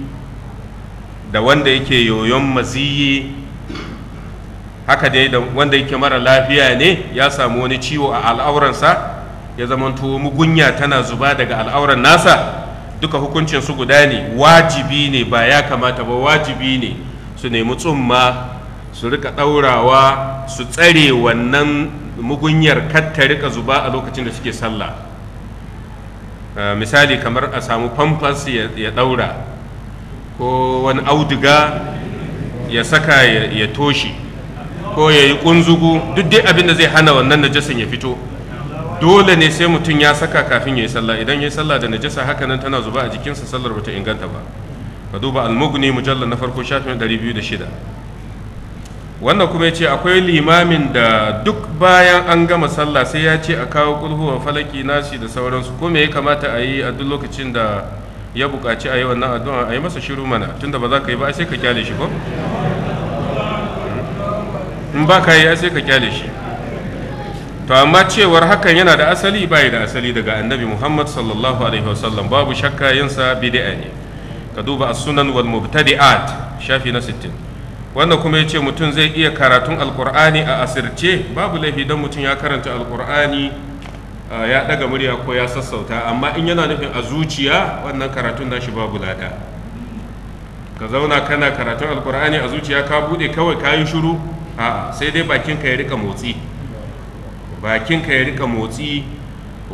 da wanda yake yoyon maziyi haka dai da wanda yake mara lafiya ne ya samu wani ciwo a al'auransa ya zamanto mugunya tana zuba daga al'auran nasa duka hukuncin su guda ne wajibi ne ba ya kamata ba wajibi ne su nemi tsumma su rika ɗaurawa su tsare wannan mugunyar kar ta rika zuba a lokacin da suke sallah ah, misali kamar a samu famfas ya ɗaura ko wani auduga ya saka ya toshi ko ya yi ƙunzugu duk dai abin da zai hana wannan najasin ya fito dole ne sai mutum ya saka kafin ya yi sallah idan ya yi sallah da najasa haka nan tana zuba a jikinsa sallar bata inganta ba ka duba almugni mujallar na farko shafin 206 wannan kuma ya ce akwai limamin da duk bayan an gama sallah sai ya ce a kawo kulhuwa falaki nasi da sauransu ko ya kamata a yi a duk lokacin da ya buƙaci a yi wannan addu'a a yi masa shiru mana tunda ba za ka yi ba sai ka kyale shi ko in ba ka yi sai ka kyale shi to amma cewar hakan yana da asali bai da asali daga annabi muhammad sallallahu alaihi wasallam babu shakka yinsa bid'a ne ka duba as-sunan wal mubtadi'at shafi na 60 wannan kuma yace mutum zai iya karatun alqur'ani a asirce babu laifi dan mutum ya karanta alqur'ani ya daga murya ko ya sassauta amma in yana nufin a zuciya wannan karatun nashi babu lada ka zauna kana karatun alqur'ani a zuciya ka bude kawai kayi shiru a'a sai dai bakin ka ya rika motsi bakinka ya rika motsi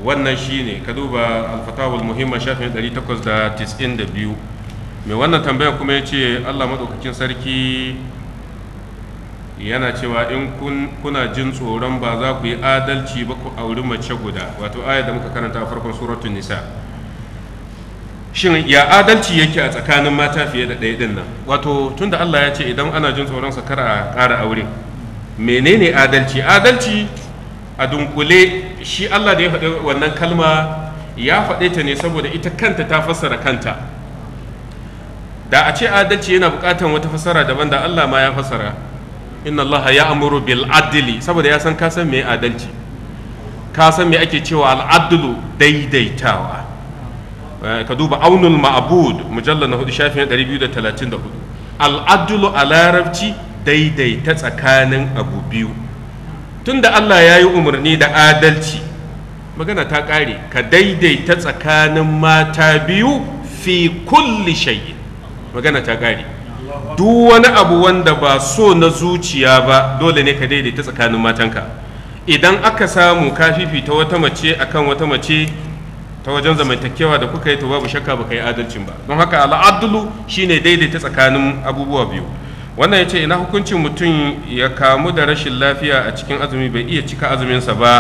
wannan shine ka duba alfatawul muhimma shafin 892 mai wannan tambayar kuma ya ce allah maɗaukakin sarki yana cewa in kuna jin tsoron ba za ku yi adalci ba ku auri mace guda wato ayar da muka karanta a farkon suratun nisa shin ya adalci yake a tsakanin mata fiye da ɗaya ɗin nan wato tunda allah ya ce idan ana jin tsoron sa kar a ƙara aure menene adalci adalci a dunkule shi Allah da ya faɗi wannan kalma ya faɗe ta ne saboda ita kanta ta fassara kanta da a ce adalci yana buƙatar wata fassara daban da Allah ma ya fassara inna Allah ya amuru bil adli saboda ya san ka san me adalci ka san me ake cewa al adlu daidaitawa eh, ka duba aunul ma'bud mujallal na hudu shafin 234 al adlu a larabci daidaita tsakanin abu biyu Tun da Allah ya yi umarni da adalci magana ta ƙare ka daidaita tsakanin mata biyu fi kulli shayi magana ta ƙare duk wani abu wanda ba so na zuciya ba dole ne ka daidaita tsakanin matanka idan aka samu ka ta wata mace akan wata mace ta wajen zamantakewa da kuka yi to babu shakka ba ka yi adalcin ba don haka al'adulu shine daidaita tsakanin abubuwa biyu wannan ya ce ina hukuncin mutum ya kamu da rashin lafiya a cikin azumi bai iya cika azuminsa ba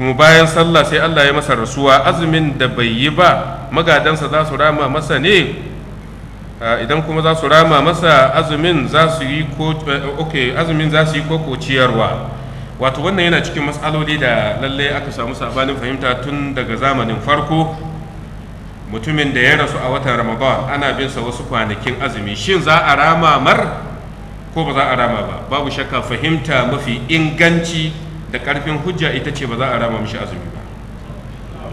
kuma bayan sallah sai allah ya masa rasuwa azumin da bai yi ba magadansa za su rama masa ne idan kuma za su rama masa azumin za su yi ko eh, azumin za su yi ko ciyarwa wato wannan yana cikin matsaloli da lalle aka samu sabanin fahimta tun daga zamanin farko mutumin da ya rasu a watan ramadan ana bin sa wasu kwanakin azumi shin za a rama mar ko ba za a rama ba babu shakka fahimta mafi inganci da karfin hujja ita ce ba za a rama mishi azumi ba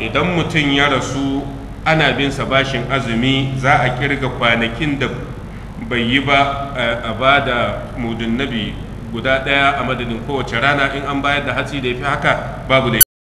idan mutum ya rasu ana bin sa bashin azumi za a kirga kwanakin da bai yi ba a ba da mudun nabi guda daya a madadin kowace rana in an bayar da hatsi da ya fi haka babu da